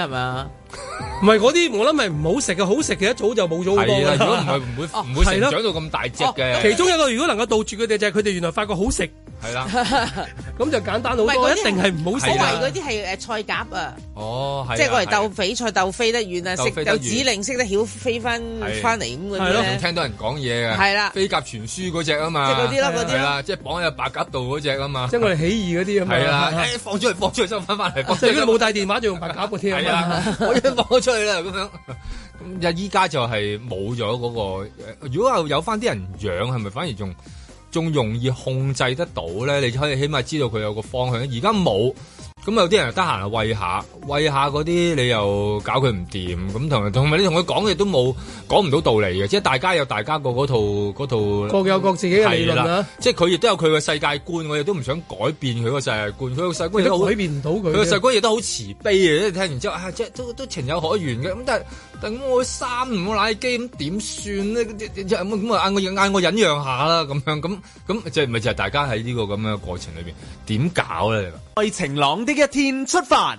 Speaker 1: 嗰啲係
Speaker 3: 咪啊？唔係嗰啲，我諗係唔好食嘅，好食嘅一早就冇咗好多啦。如果唔係唔會唔會長到咁大隻嘅。其中一個如果能夠杜絕嘅就係佢哋原來發覺好食係啦，
Speaker 2: 咁就簡單好多。一定係唔好食。嗰啲係誒菜鴿啊，哦，
Speaker 5: 即係過嚟鬥
Speaker 2: 翡翠鬥飛得遠啊，又指令識得曉飛翻翻嚟咁嘅。
Speaker 5: 聽到
Speaker 1: 人講嘢啊，係啦，飛鴿傳書嗰隻啊嘛，即係嗰啲咯，嗰啲啦，即係綁喺個白鴿度嗰隻啊嘛，
Speaker 3: 即係我哋起義嗰啲啊嘛，係啦，放出去，放出去收翻翻嚟。如果冇帶電話就用白鴿個添啊。 (laughs) 放咗出去啦，咁樣，
Speaker 1: 即依家就係冇咗嗰個。如果係有翻啲人養，係咪反而仲仲容易控制得到咧？你可以起碼知道佢有個方向。而家冇。咁有啲人得閒，又餵下餵下嗰啲，你又搞佢唔掂，咁同同埋你同佢講嘅都冇講唔到道理嘅，即係大家有大家個嗰套嗰套，各有各自己嘅理論啊。即係佢亦都有佢嘅世界觀，我亦都唔想改變佢個世界觀。佢個世界觀亦都改變唔到佢。佢個世界觀亦都好慈悲嘅，即聽完之後即都情有可原嘅。咁但係等我三五奶機咁點算呢？咁我嗌我忍讓下啦，咁樣咁咁咪就係大家喺呢個咁嘅過程裏邊點搞咧？為晴朗啲。一天出發，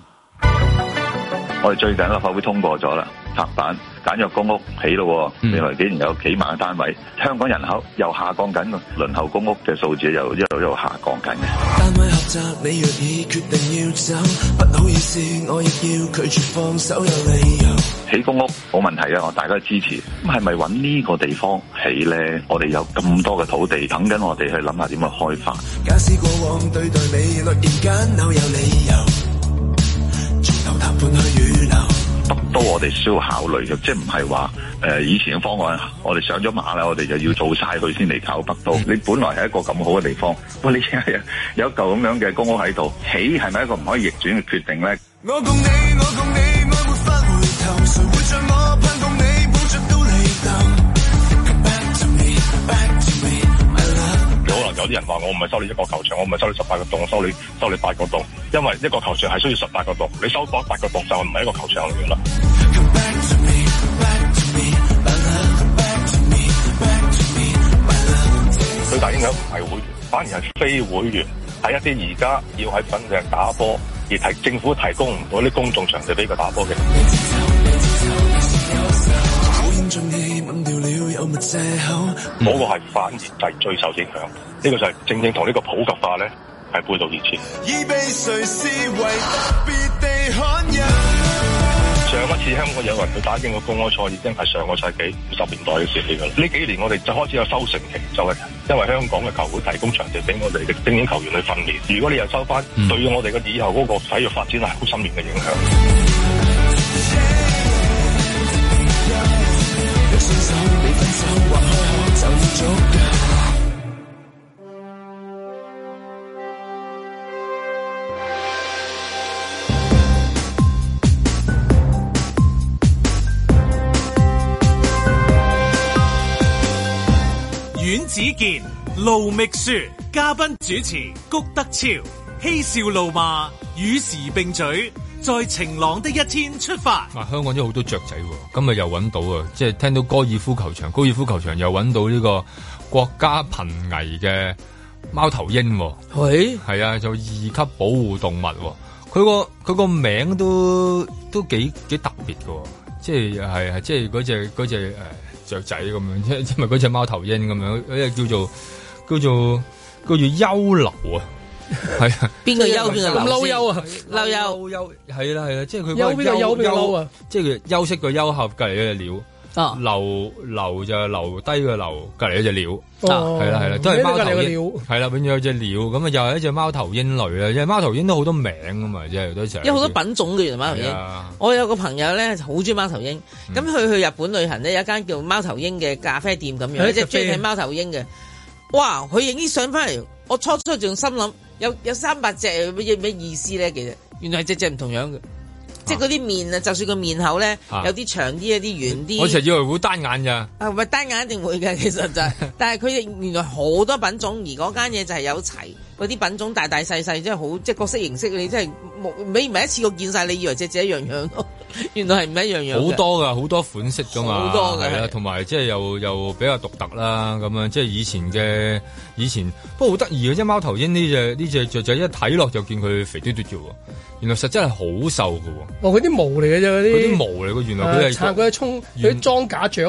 Speaker 4: 我哋最近立法會通過咗啦，拍板。簡約公屋起咯，未來幾年有幾萬單位。香港人口又下降緊，輪候公屋嘅數字又一路一路下
Speaker 3: 降緊嘅。
Speaker 4: 起公屋冇問題嘅，我大家支持。咁係咪揾呢個地方起咧？我哋有咁多嘅土地，等緊我哋去諗下
Speaker 1: 點去開發。
Speaker 4: 都我哋需要考慮嘅，即係唔係話誒以前嘅方案，我哋上咗馬啦，我哋就要做晒佢先嚟搞北都。你本來係一個咁好嘅地方，哇！你有有嚿咁樣嘅公屋喺度，起係咪一個唔可以逆轉嘅決定
Speaker 3: 咧？我
Speaker 4: 有啲人話我唔係收你一個球場，我唔係收你十八個洞，收你收你八個洞，因為一個球場係需要十八個洞，你收嗰八個洞就唔係一個球場嚟嘅啦。最大影響唔係會員，反而係非會員，係一啲而家要喺粉嶺打波，而提政府提供唔到啲公眾場地俾佢打波嘅
Speaker 3: 人。嗰、 (music) 嗯、
Speaker 4: 個係反而係最受影響，呢、這個就係正正同呢個普及化咧係背道而馳。
Speaker 2: 被為地，有
Speaker 4: 上一次香港有人去打英國公開賽，已經係上個世紀五十年代嘅事嚟噶啦。呢幾年我哋就開始有收成期，就係、是、因為香港嘅球會提供場地俾我哋嘅精英球員去訓練。如果你又收翻，對我哋以後嗰個體育發展係好深遠嘅影響。
Speaker 5: 分手，就足
Speaker 4: 阮子健、盧覓雪，嘉賓主持
Speaker 3: 谷德
Speaker 1: 昭，嬉笑怒罵，與時並舉。在晴朗的一天出發。唔，香港有好多雀仔，今日又搵到啊！即係聽到高爾夫球場，高爾夫球場又搵到呢個國家瀕危嘅貓頭鷹，係係是啊，就二級保護動物。佢個佢個名都都幾幾特別嘅，即係係即係嗰隻隻誒雀仔咁樣，即係即係嗰隻貓頭鷹咁樣？嗰隻叫做叫做叫做，叫做幽流啊！係
Speaker 3: 啊，邊個休邊就留休啊，留休休係啦
Speaker 1: 係啦，即係佢休邊休邊啊，即係佢休息個休合隔籬一隻鳥啊，留留就係留低個留隔籬一隻鳥啊，係啦係啦，都係貓頭鷹係啦，變咗有隻鳥咁啊，又係一隻貓頭鷹類啊，因為貓頭鷹都好多名噶嘛，即係好好
Speaker 2: 多品種嘅原來貓頭鷹。我有個朋友咧好中意貓頭鷹，咁佢去日本旅行咧，有一間叫貓頭鷹嘅咖啡店咁樣，佢只中意睇貓頭鷹嘅，哇！佢影啲相翻嚟，我初初仲心諗。有有三百隻，有乜意思咧？其實原
Speaker 1: 來係只隻唔同樣嘅，
Speaker 2: 啊、即係嗰啲麵啊，就算個面口咧、啊，有啲長啲，有啲軟啲。我其實以
Speaker 1: 為會單眼咋？
Speaker 2: 啊，唔係單眼一定會嘅，其實就係、是， (laughs) 但係佢原來好多品種，而嗰間嘢就係有齊。嗰啲品種大大細細，即係好即係角色形式。你真係每每一次過見晒，你以為隻隻一樣樣咯？原來係唔一樣樣。好多
Speaker 1: 噶，好多款式噶嘛，好多，係啊，同埋即係又又比較獨特啦。咁樣即係以前嘅以前，不過好得意嘅，即係貓頭鷹呢隻呢隻雀仔，一睇落就見佢肥嘟嘟嘅，原來實質係好瘦嘅。
Speaker 3: 哦，佢啲毛嚟嘅啫，嗰啲。佢啲毛
Speaker 1: 嚟嘅，原來佢係拆佢
Speaker 3: 嘅充佢裝假雀。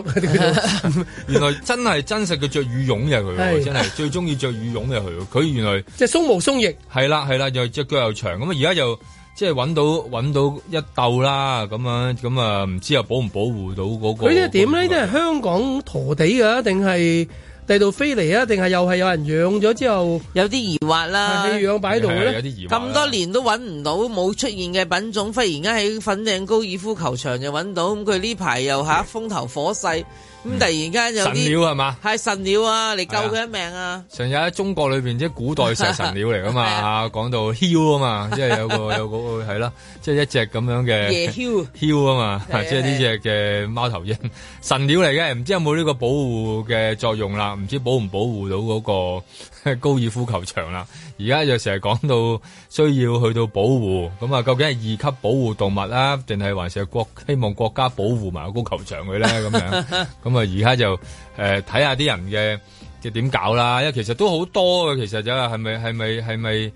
Speaker 1: 原來真係真實佢着羽絨嘅佢，真係最中意着羽絨嘅佢。佢原來。
Speaker 3: 即係鬆毛鬆翼，
Speaker 1: 係啦係啦，又隻腳又長，咁啊而家又即係搵到搵到一竇啦，咁樣咁啊唔知又保唔保護到嗰、嗰個？佢啲係點
Speaker 3: 咧？嗰啲係香港陀地㗎，定係地度飛嚟啊？定係又係有人養咗之後？有啲疑惑啦，係養擺度咁多
Speaker 2: 年都搵唔到，冇出現嘅品種，忽然間喺粉嶺高爾夫球場就搵到，咁佢呢排又吓、啊、風頭火勢。咁、嗯、突然間就神鳥係嘛，係神鳥啊，嚟救佢一命啊！
Speaker 1: 成日喺中國裏邊即係古代食神鳥嚟噶嘛，講、 (laughs) 啊、到梟啊嘛， (laughs) 即係有個有嗰個係啦，即係一隻咁樣嘅梟啊嘛，即係呢隻嘅貓頭鷹 (laughs) 神鳥嚟嘅，唔知有冇呢個保護嘅作用啦？唔知保唔保護到嗰、嗰個。高爾夫球場啦，而家就成日講到需要去到保護，咁啊究竟係二級保護動物啦，定係還是係國希望國家保護埋個高球場佢咧咁樣，咁啊而家就誒睇下啲人嘅嘅點搞啦，因為其實都好多嘅，其實就係係咪係咪係咪。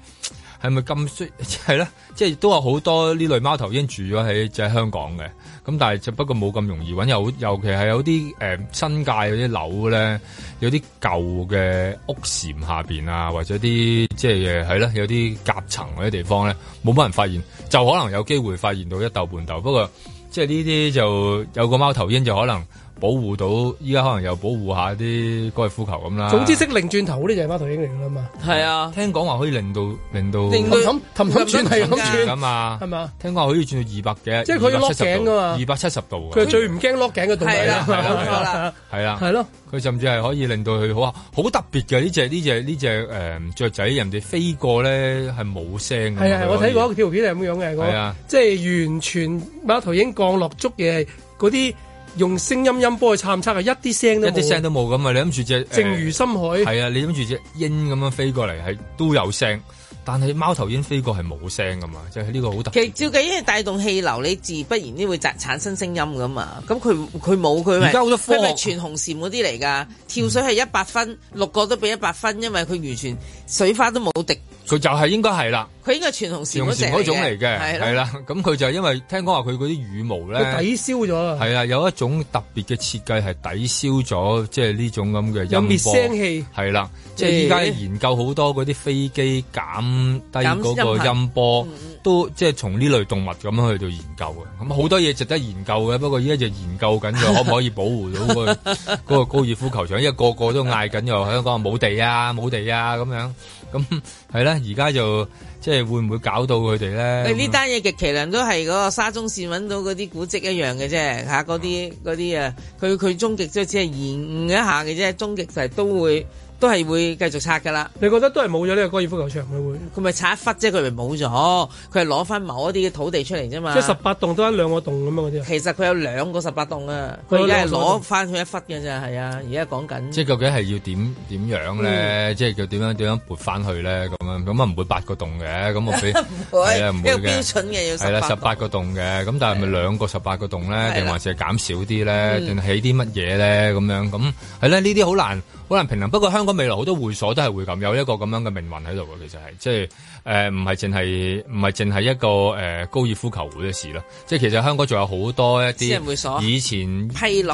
Speaker 1: 係咪咁衰？係啦，即係都有好多呢類貓頭鷹住咗喺即係香港嘅。咁但係就不過冇咁容易揾，又尤其係有啲誒、呃、新界嗰啲樓咧，有啲舊嘅屋簷下邊啊，或者啲即係係啦，有啲夾層嗰啲地方咧，冇乜人發現，就可能有機會發現到一竇半竇。不過即係呢啲就有個貓頭鷹就可能。保護到依家可能又保護下啲高爾夫球咁啦。總之，識
Speaker 3: 擰轉頭呢隻就係貓頭鷹嚟噶啦嘛。
Speaker 1: 係啊，聽講話可以令到令到。氹氹轉係氹轉噶嘛。係嘛？聽講話可以轉到二百嘅。即係佢碌頸噶嘛？二百七十度。佢最
Speaker 3: 唔驚碌頸嘅動物。係啊，係咯。佢甚
Speaker 1: 至係可以令到佢好好特別嘅呢隻呢隻呢隻誒雀仔，人哋飛過咧係冇聲。係啊係我睇過一
Speaker 3: 條紀錄片係咁樣嘅，係啊，即係完全貓頭鷹降落捉嘢嗰啲。用聲音音波去探測啊！一啲聲都一啲聲都冇
Speaker 1: 咁啊！你諗住隻正如深海係、欸、啊！你諗住隻鷹咁樣飛過嚟係都有聲，但係貓頭鷹飛過係冇聲噶嘛？即係呢個好特別。其
Speaker 2: 實照計因為帶動氣流，你自不然呢會產生聲音噶嘛。咁佢
Speaker 1: 佢冇佢咪，而家好多科，佢係
Speaker 2: 全紅蟬嗰啲嚟噶。跳水係一百分，嗯、六個都俾一百分，因為佢完全水花都冇滴。佢就係
Speaker 1: 應該係啦，
Speaker 2: 佢應該係傳紅蟬嗰種嚟嘅，係
Speaker 1: 啦的。咁佢就係因為聽講話佢嗰啲羽毛咧，佢抵
Speaker 3: 消咗。係
Speaker 1: 啦，有一種特別嘅設計係抵消咗，即係呢種咁嘅音波。有滅聲器係啦，即係依家研究好多嗰啲飛機減低嗰個音波，音都即係從呢類動物咁去到研究嘅。咁好多嘢值得研究嘅，不過依家就研究緊，就可唔可以保護到嗰個高爾夫球場？ (laughs) 因為個個都嗌緊又，香港冇地啊，冇地啊咁樣。咁係啦，而家就即係會唔會搞到佢哋咧？誒呢單
Speaker 2: 嘢極其量都係嗰個沙中線揾到嗰啲古蹟一樣嘅啫，嚇嗰啲嗰啲啊，佢佢終極即係只係延誤一下嘅啫，終極就係都會。都係會繼續拆噶啦。
Speaker 3: 你覺得都係冇咗呢個高爾夫球場佢會？
Speaker 2: 佢咪拆一忽啫，佢咪冇咗。佢係攞翻某一啲嘅土地出嚟啫嘛。即係十八洞都一兩個洞咁啊，嗰啲。其實佢有兩個十八洞,洞啊，佢而家係攞翻佢一忽嘅啫，係啊。而家講緊
Speaker 1: 即係究竟係要點點樣咧？即係叫點樣點樣撥翻去咧？咁樣咁啊唔會八個洞嘅咁我俾
Speaker 2: 係啊嘅標準嘅要。係啦，十八
Speaker 1: 個洞嘅咁，但係咪兩個十八個洞咧？定還是係減少啲咧？定、嗯、起啲乜嘢咧？咁樣咁係咧？呢啲好難。好難平衡，不過香港未來好多會所都係會咁，有一個咁樣嘅命運喺度嘅，其實係即係。誒，唔係淨係唔係淨係一個誒、呃、高爾夫球會嘅事咯。即係其實香港仲有好多一啲以前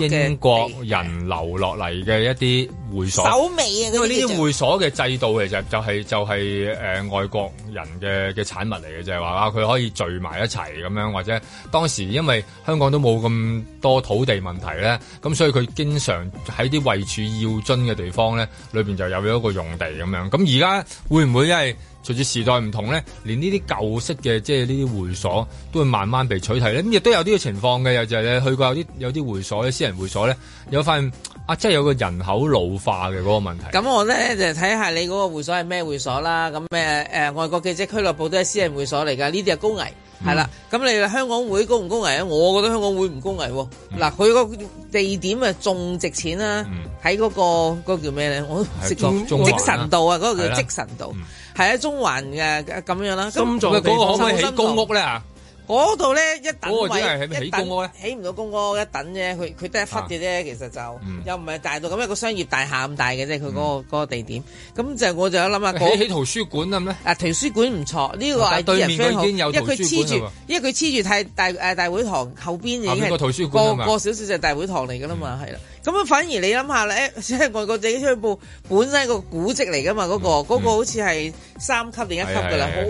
Speaker 1: 英國人留落嚟嘅一啲會所，手尾啊就是，因為呢啲會所嘅制度其實就係、是、就係、是、誒、呃、外國人嘅嘅產物嚟嘅，就係話啊，佢可以聚埋一齊咁樣，或者當時因為香港都冇咁多土地問題咧，咁所以佢經常喺啲位處要津嘅地方咧，裏邊就有咗一個用地咁樣。咁而家會唔會因為？隨住時代唔同咧，連呢啲舊式嘅即係呢啲會所都會慢慢被取締咧，咁亦都有啲嘅情況嘅，有就係你去過有啲有啲會所、私人會所咧，有發啊，即係有個人口老化嘅嗰個問題。
Speaker 2: 咁我咧就睇下你嗰個會所係咩會所啦。咁咩？誒、呃呃，外國記者俱樂部都係私人會所嚟㗎。呢啲係高危，係、嗯、啦。咁你香港會高唔高危啊？我覺得香港會唔高危喎、啊。嗱、嗯，佢個地點啊，仲值錢啦。喺嗰、嗰個嗰個叫咩咧？我積、啊、 (laughs) 神道啊，嗰、嗰個叫積、啊、神道，係喺、啊、中環嘅咁、啊、樣啦、啊。咁嘅嗰個可唔可以起公屋咧？嗰度咧一等位，一等起唔到公屋，一等啫。佢佢得一忽嘅啫，其實就又唔係大到咁一個商業大廈咁大嘅啫。佢嗰個地點，咁就我就有諗下，起起圖
Speaker 1: 書館咁咧。啊，圖
Speaker 2: 書館唔錯，呢個啊對面佢已經有圖書館啦。因為佢黐住，因為佢黐住太大誒大會堂後邊已經過過少少就大會堂嚟噶啦嘛，係啦。咁啊，反而你諗下咧，即係外國整出部本身個古蹟嚟噶嘛，嗰個嗰個好似係三級定一級噶啦，好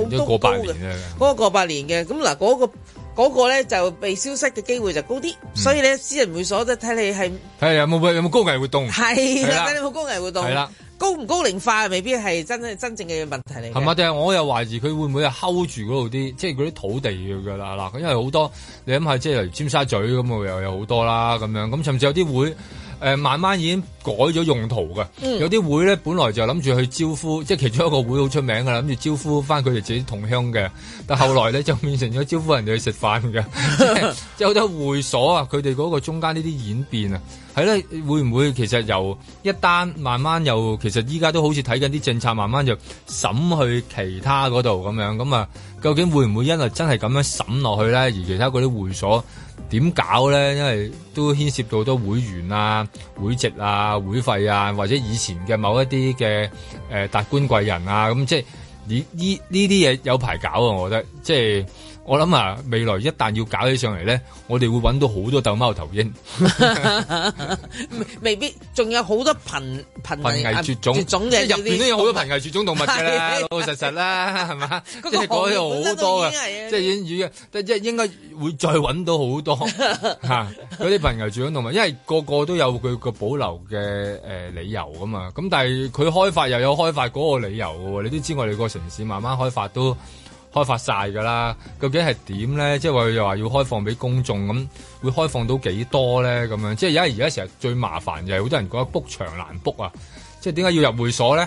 Speaker 2: 好好多高嘅，嗰個過百年嘅，咁嗱嗰個嗰個咧就被消失嘅機會就高啲，所以咧私人會所都睇你係，
Speaker 1: 係有冇有冇高危活動，係啦，有冇
Speaker 2: 高危活動，係啦。高唔高齡化未必係真真真正嘅問題嚟，係嘛？
Speaker 1: 但係我又懷疑佢會唔會係 hold 住嗰度啲，即係嗰啲土地㗎啦嗱。因為好多你諗下，即係例如尖沙咀咁啊，又有好多啦咁樣，咁甚至有啲會。誒慢慢已經改咗用途嘅，嗯、有啲會咧本來就諗住去招呼，即係其中一個會好出名嘅啦，諗住招呼返佢哋自己同鄉嘅，但後來咧就變成咗招呼人哋去食飯嘅，即係好多會所啊，佢哋嗰個中間呢啲演變啊，係咧會唔會其實由一單慢慢又其實依家都好似睇緊啲政策，慢慢就審去其他嗰度咁樣，咁啊究竟會唔會因為真係咁樣審落去咧，而其他嗰啲會所？點搞咧？因為都牽涉到好多會員啊、會籍啊、會費啊，或者以前嘅某一啲嘅誒達官貴人啊，咁、嗯、即係你依呢啲嘢有排搞啊！我覺得即係。我諗啊，未來一旦要搞起上嚟咧，我哋會揾到好多豆貓頭鷹，
Speaker 2: (laughs) 未必仲有好
Speaker 1: 多瀕瀕危絕種，即係入邊都有好多瀕危絕種動物嘅。老的老實實啦，係咪 (laughs) 吧？即係嗰度好多嘅，即係應應即係應該會再揾到好多吓嗰啲瀕危絕種動物，因為個個都有佢個保留嘅誒理由噶嘛。咁但係佢開發又有開發嗰個理由嘅，你都知我哋個城市慢慢開發都。開發晒㗎啦，究竟係點咧？即係話又話要開放俾公眾，咁會開放到幾多咧？咁樣即係而家而家成日最麻煩就係好多人覺得 b 都講 book 場難 book 啊！即係點解要入會所
Speaker 3: 咧？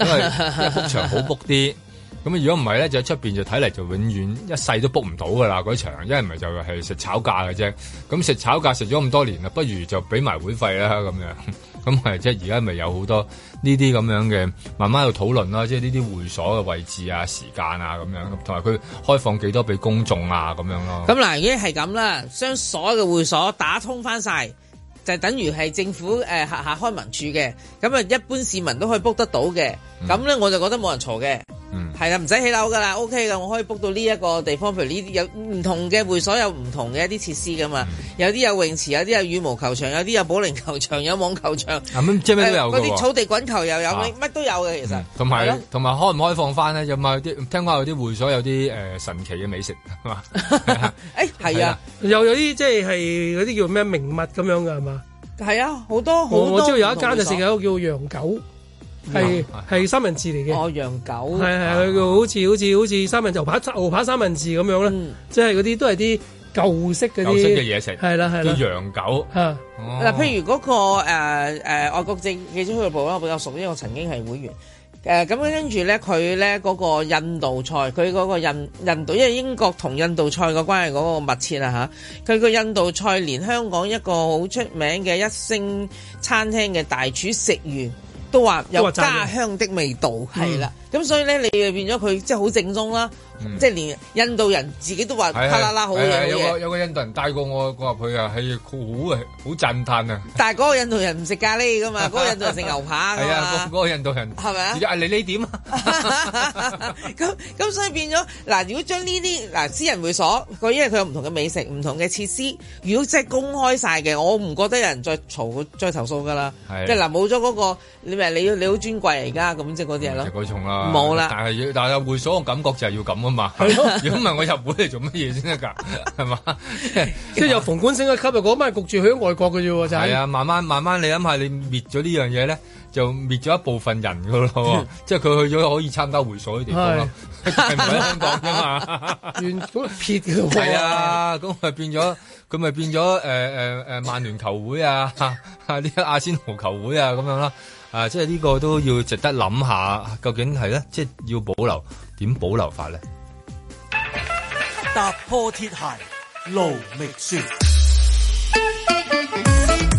Speaker 5: 因為 book 場好
Speaker 1: book 啲。咁如果唔係咧，就喺出邊就睇嚟就永遠一世都 book 唔到㗎啦嗰場。因為唔係就係食炒價嘅啫？咁食炒價食咗咁多年啦，不如就俾埋會費啦咁樣。咁係即係而家咪有好多呢啲咁樣嘅慢慢去度討論啦，即係呢啲會所嘅位置啊、時間啊咁樣，同埋佢開放幾多俾公眾啊咁樣咯。咁
Speaker 2: 嗱、嗯，如果係咁啦，將所有嘅會所打通翻晒，就等於係政府誒轄下開民處嘅，咁啊一般市民都可以 book 得到嘅。咁咧，我就覺得冇人嘈嘅。嗯，係啦，唔使起樓噶啦，OK 噶，我可以 book 到呢一個地方。譬如呢啲有唔同嘅會所有唔同嘅一啲設施噶嘛，嗯、有啲有泳池，有啲有羽毛球場，有啲有保齡球場，有網球場，咁即係咩都有啲草地滾球又有，乜、啊、都有嘅其實。
Speaker 1: 同埋同埋開唔開放翻咧？有冇啲？聽講有啲會所有啲誒神奇嘅美食係嘛？誒，係啊、 (laughs) 哎，
Speaker 3: 的 (laughs) 又有啲即係嗰啲叫咩名物咁樣噶係嘛？
Speaker 2: 係啊，好多。好多我我知道有一間就食
Speaker 3: 嘅叫羊狗。係係三文治嚟嘅。哦，羊狗，係係佢好似好似好似三文治牛扒、牛扒三文治咁樣咧，即係嗰啲都係啲舊式嗰啲舊式嘅嘢食，係啦、係啦啲羊
Speaker 1: 狗嗱，譬
Speaker 3: 如嗰個誒誒外
Speaker 2: 國籍記者俱樂部咧，我比較熟啲，我曾經係會員。誒咁跟住咧，佢咧嗰個印度菜，佢嗰個印印度，因為英國同印度菜嘅關係嗰個密切啊嚇。佢個印度菜連香港一個好出名嘅一星餐廳嘅大廚食完。都話有家鄉的味道，係啦，嗯，咁所以咧，你就變咗佢即係好正宗啦。即係連印度人自己都話，嘩啦啦好嘢，
Speaker 1: 有個印度人帶過我過入去啊，係好嘅，好讚嘆啊！
Speaker 2: 但係嗰個印度人唔食咖喱噶嘛，
Speaker 1: 嗰個印度人食牛扒噶嘛。嗰個印度人係咪啊？你你點啊？
Speaker 2: 咁咁所以變咗嗱，如果將呢啲嗱私人會所，因為佢有唔同嘅美食，唔同嘅設施，如果即係公開晒嘅，我唔覺得有人再嘈再投訴噶啦。即係嗱，冇咗嗰個你咪你你好尊貴而家咁即係嗰啲嘢
Speaker 1: 咯。冇啦。但係但係會所嘅感覺就係要咁。係咯，如果唔係我入會嚟做乜嘢先得噶？係嘛，
Speaker 3: 即係又逢官升一級，又咁咪焗住去外國嘅啫。係啊，慢
Speaker 1: 慢慢慢，你諗下，你滅咗呢樣嘢咧，就滅咗一部分人噶咯。即係佢去咗可以參加會所嘅地方咯，唔係香港啫嘛。變咗撇嘅位，係啊，咁咪變咗，佢咪變咗誒誒誒，曼聯球會啊，呢個阿仙奴球會啊，咁樣啦。啊，即係呢個都要值得諗下，究竟係咧，即係要保留，點保留法咧？
Speaker 4: 踏破鐵鞋
Speaker 1: 勞未雪，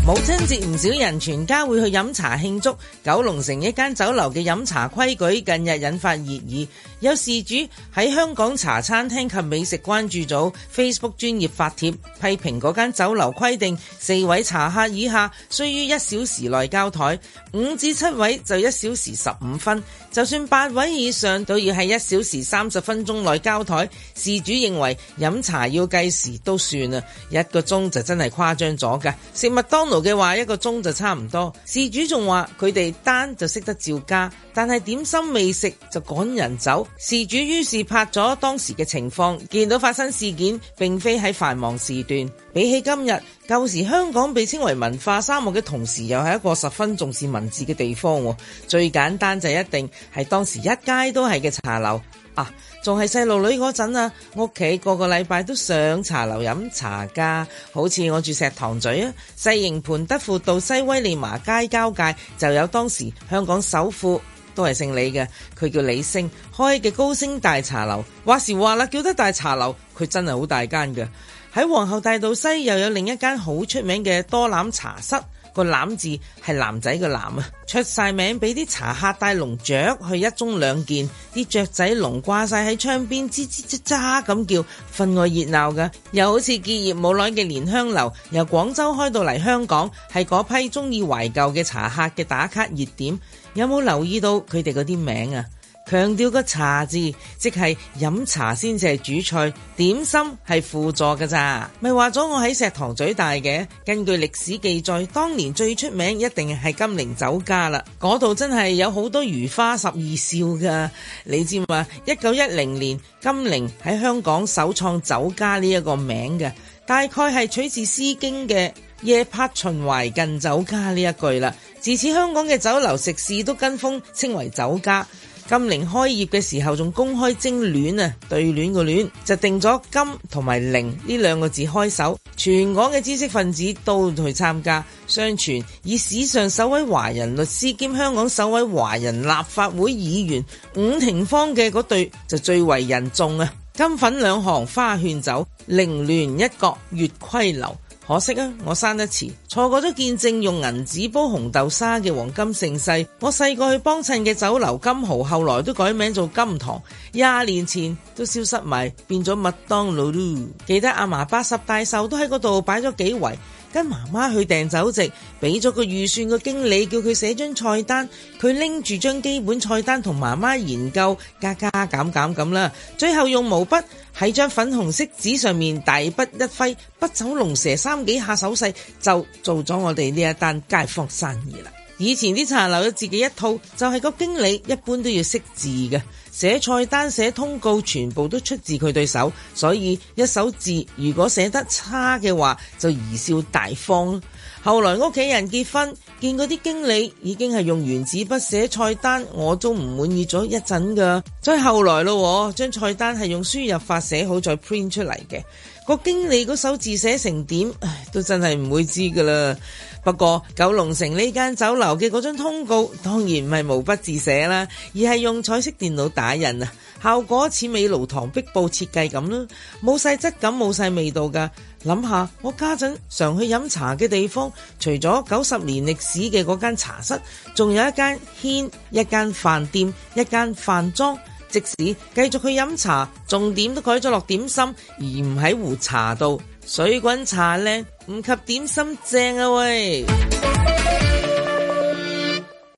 Speaker 2: 母親節唔少人全家會去飲茶慶祝。九龍城一間酒樓嘅飲茶規矩近日引發熱議。有事主喺香港茶餐廳及美食關注組 Facebook 專頁發帖批評嗰間酒樓規定四位茶客以下需於一小時內交台，五至七位就一小時十五分，就算八位以上都要係一小時三十分鐘內交台，事主認為飲茶要計時都算啦，一個鐘就真係誇張咗㗎。食麥當勞嘅話一個鐘就差唔多。事主仲話佢哋單就識得照加，但係點心未食就趕人走。事主於是拍咗當時嘅情況，見到發生事件並非喺繁忙時段。比起今日，舊時香港被稱為文化沙漠嘅同時，又係一個十分重視文字嘅地方。最簡單就一定係當時一街都係嘅茶樓啊！仲係細路女嗰陣啊，屋企個個禮拜都上茶樓飲茶㗎。好似我住石塘咀啊，西營盤德輔道西威利麻街交界就有當時香港首富。都係姓李嘅，佢叫李星，開嘅高升大茶樓，話時話啦，叫得大茶樓，佢真係好大間嘅。喺皇后大道西又有另一間好出名嘅多男茶室，個男字係男仔嘅男啊，出晒名俾啲茶客帶籠雀去一盅兩件，啲雀仔籠掛晒喺窗邊，吱吱吱喳咁叫，分外熱鬧嘅。又好似結業冇耐嘅蓮香樓，由廣州開到嚟香港，係嗰批中意懷舊嘅茶客嘅打卡熱點。有冇留意到佢哋嗰啲名啊？強調個茶字，即係飲茶先至係主菜，點心係輔助噶咋。咪話咗我喺石塘嘴大嘅。根據歷史記載，當年最出名一定係金陵酒家啦。嗰度真係有好多如花十二少噶。你知嘛？一九一零年，金陵喺香港首創酒家呢一個名嘅，大概係取自《詩經》嘅。夜泊秦淮近酒家呢一句啦，自此香港嘅酒樓食肆都跟風稱為酒家。金陵開業嘅時候仲公開徵聯啊，對聯個聯就定咗金同埋陵呢兩個字開首。全港嘅知識分子都去參加，相傳以史上首位華人律師兼香港首位華人立法會議員伍廷芳嘅嗰對就最為人眾啊。金粉兩行花勸酒，凌亂一角月窺樓。可惜啊，我生得遲，錯過咗見證用銀紙煲紅豆沙嘅黃金盛世。我細個去幫襯嘅酒樓金豪，後來都改名做金堂，廿年前都消失埋，變咗麥當勞嚕。記得阿嫲八十大壽都喺嗰度擺咗幾圍。跟媽媽去訂酒席，俾咗個預算個經理，叫佢寫張菜單。佢拎住張基本菜單同媽媽研究，加加減減咁啦。最後用毛筆喺張粉紅色紙上面大筆一揮，筆走龍蛇三幾下手勢，就做咗我哋呢一單街坊生意啦。以前啲茶樓有自己一套，就係個經理一般都要識字嘅。寫菜單、寫通告，全部都出自佢對手，所以一手字如果寫得差嘅話，就貽笑大方咯。後來屋企人結婚，見嗰啲經理已經係用原子筆寫菜單，我都唔滿意咗一陣噶。再後來咯，張菜單係用輸入法寫好再 print 出嚟嘅。個經理嗰手字寫成點，唉，都真係唔會知噶啦。不過九龍城呢間酒樓嘅嗰張通告，當然唔係毛筆字寫啦，而係用彩色電腦打印啊，效果似美勞堂壁報設計咁咯，冇晒質感，冇晒味道噶。諗下我家陣常去飲茶嘅地方，除咗九十年歷史嘅嗰間茶室，仲有一間軒，一間飯店，一間飯莊。即使繼續去飲茶，重點都改咗落點心，而唔喺壺茶度。水滾茶咧，唔及點心正啊喂。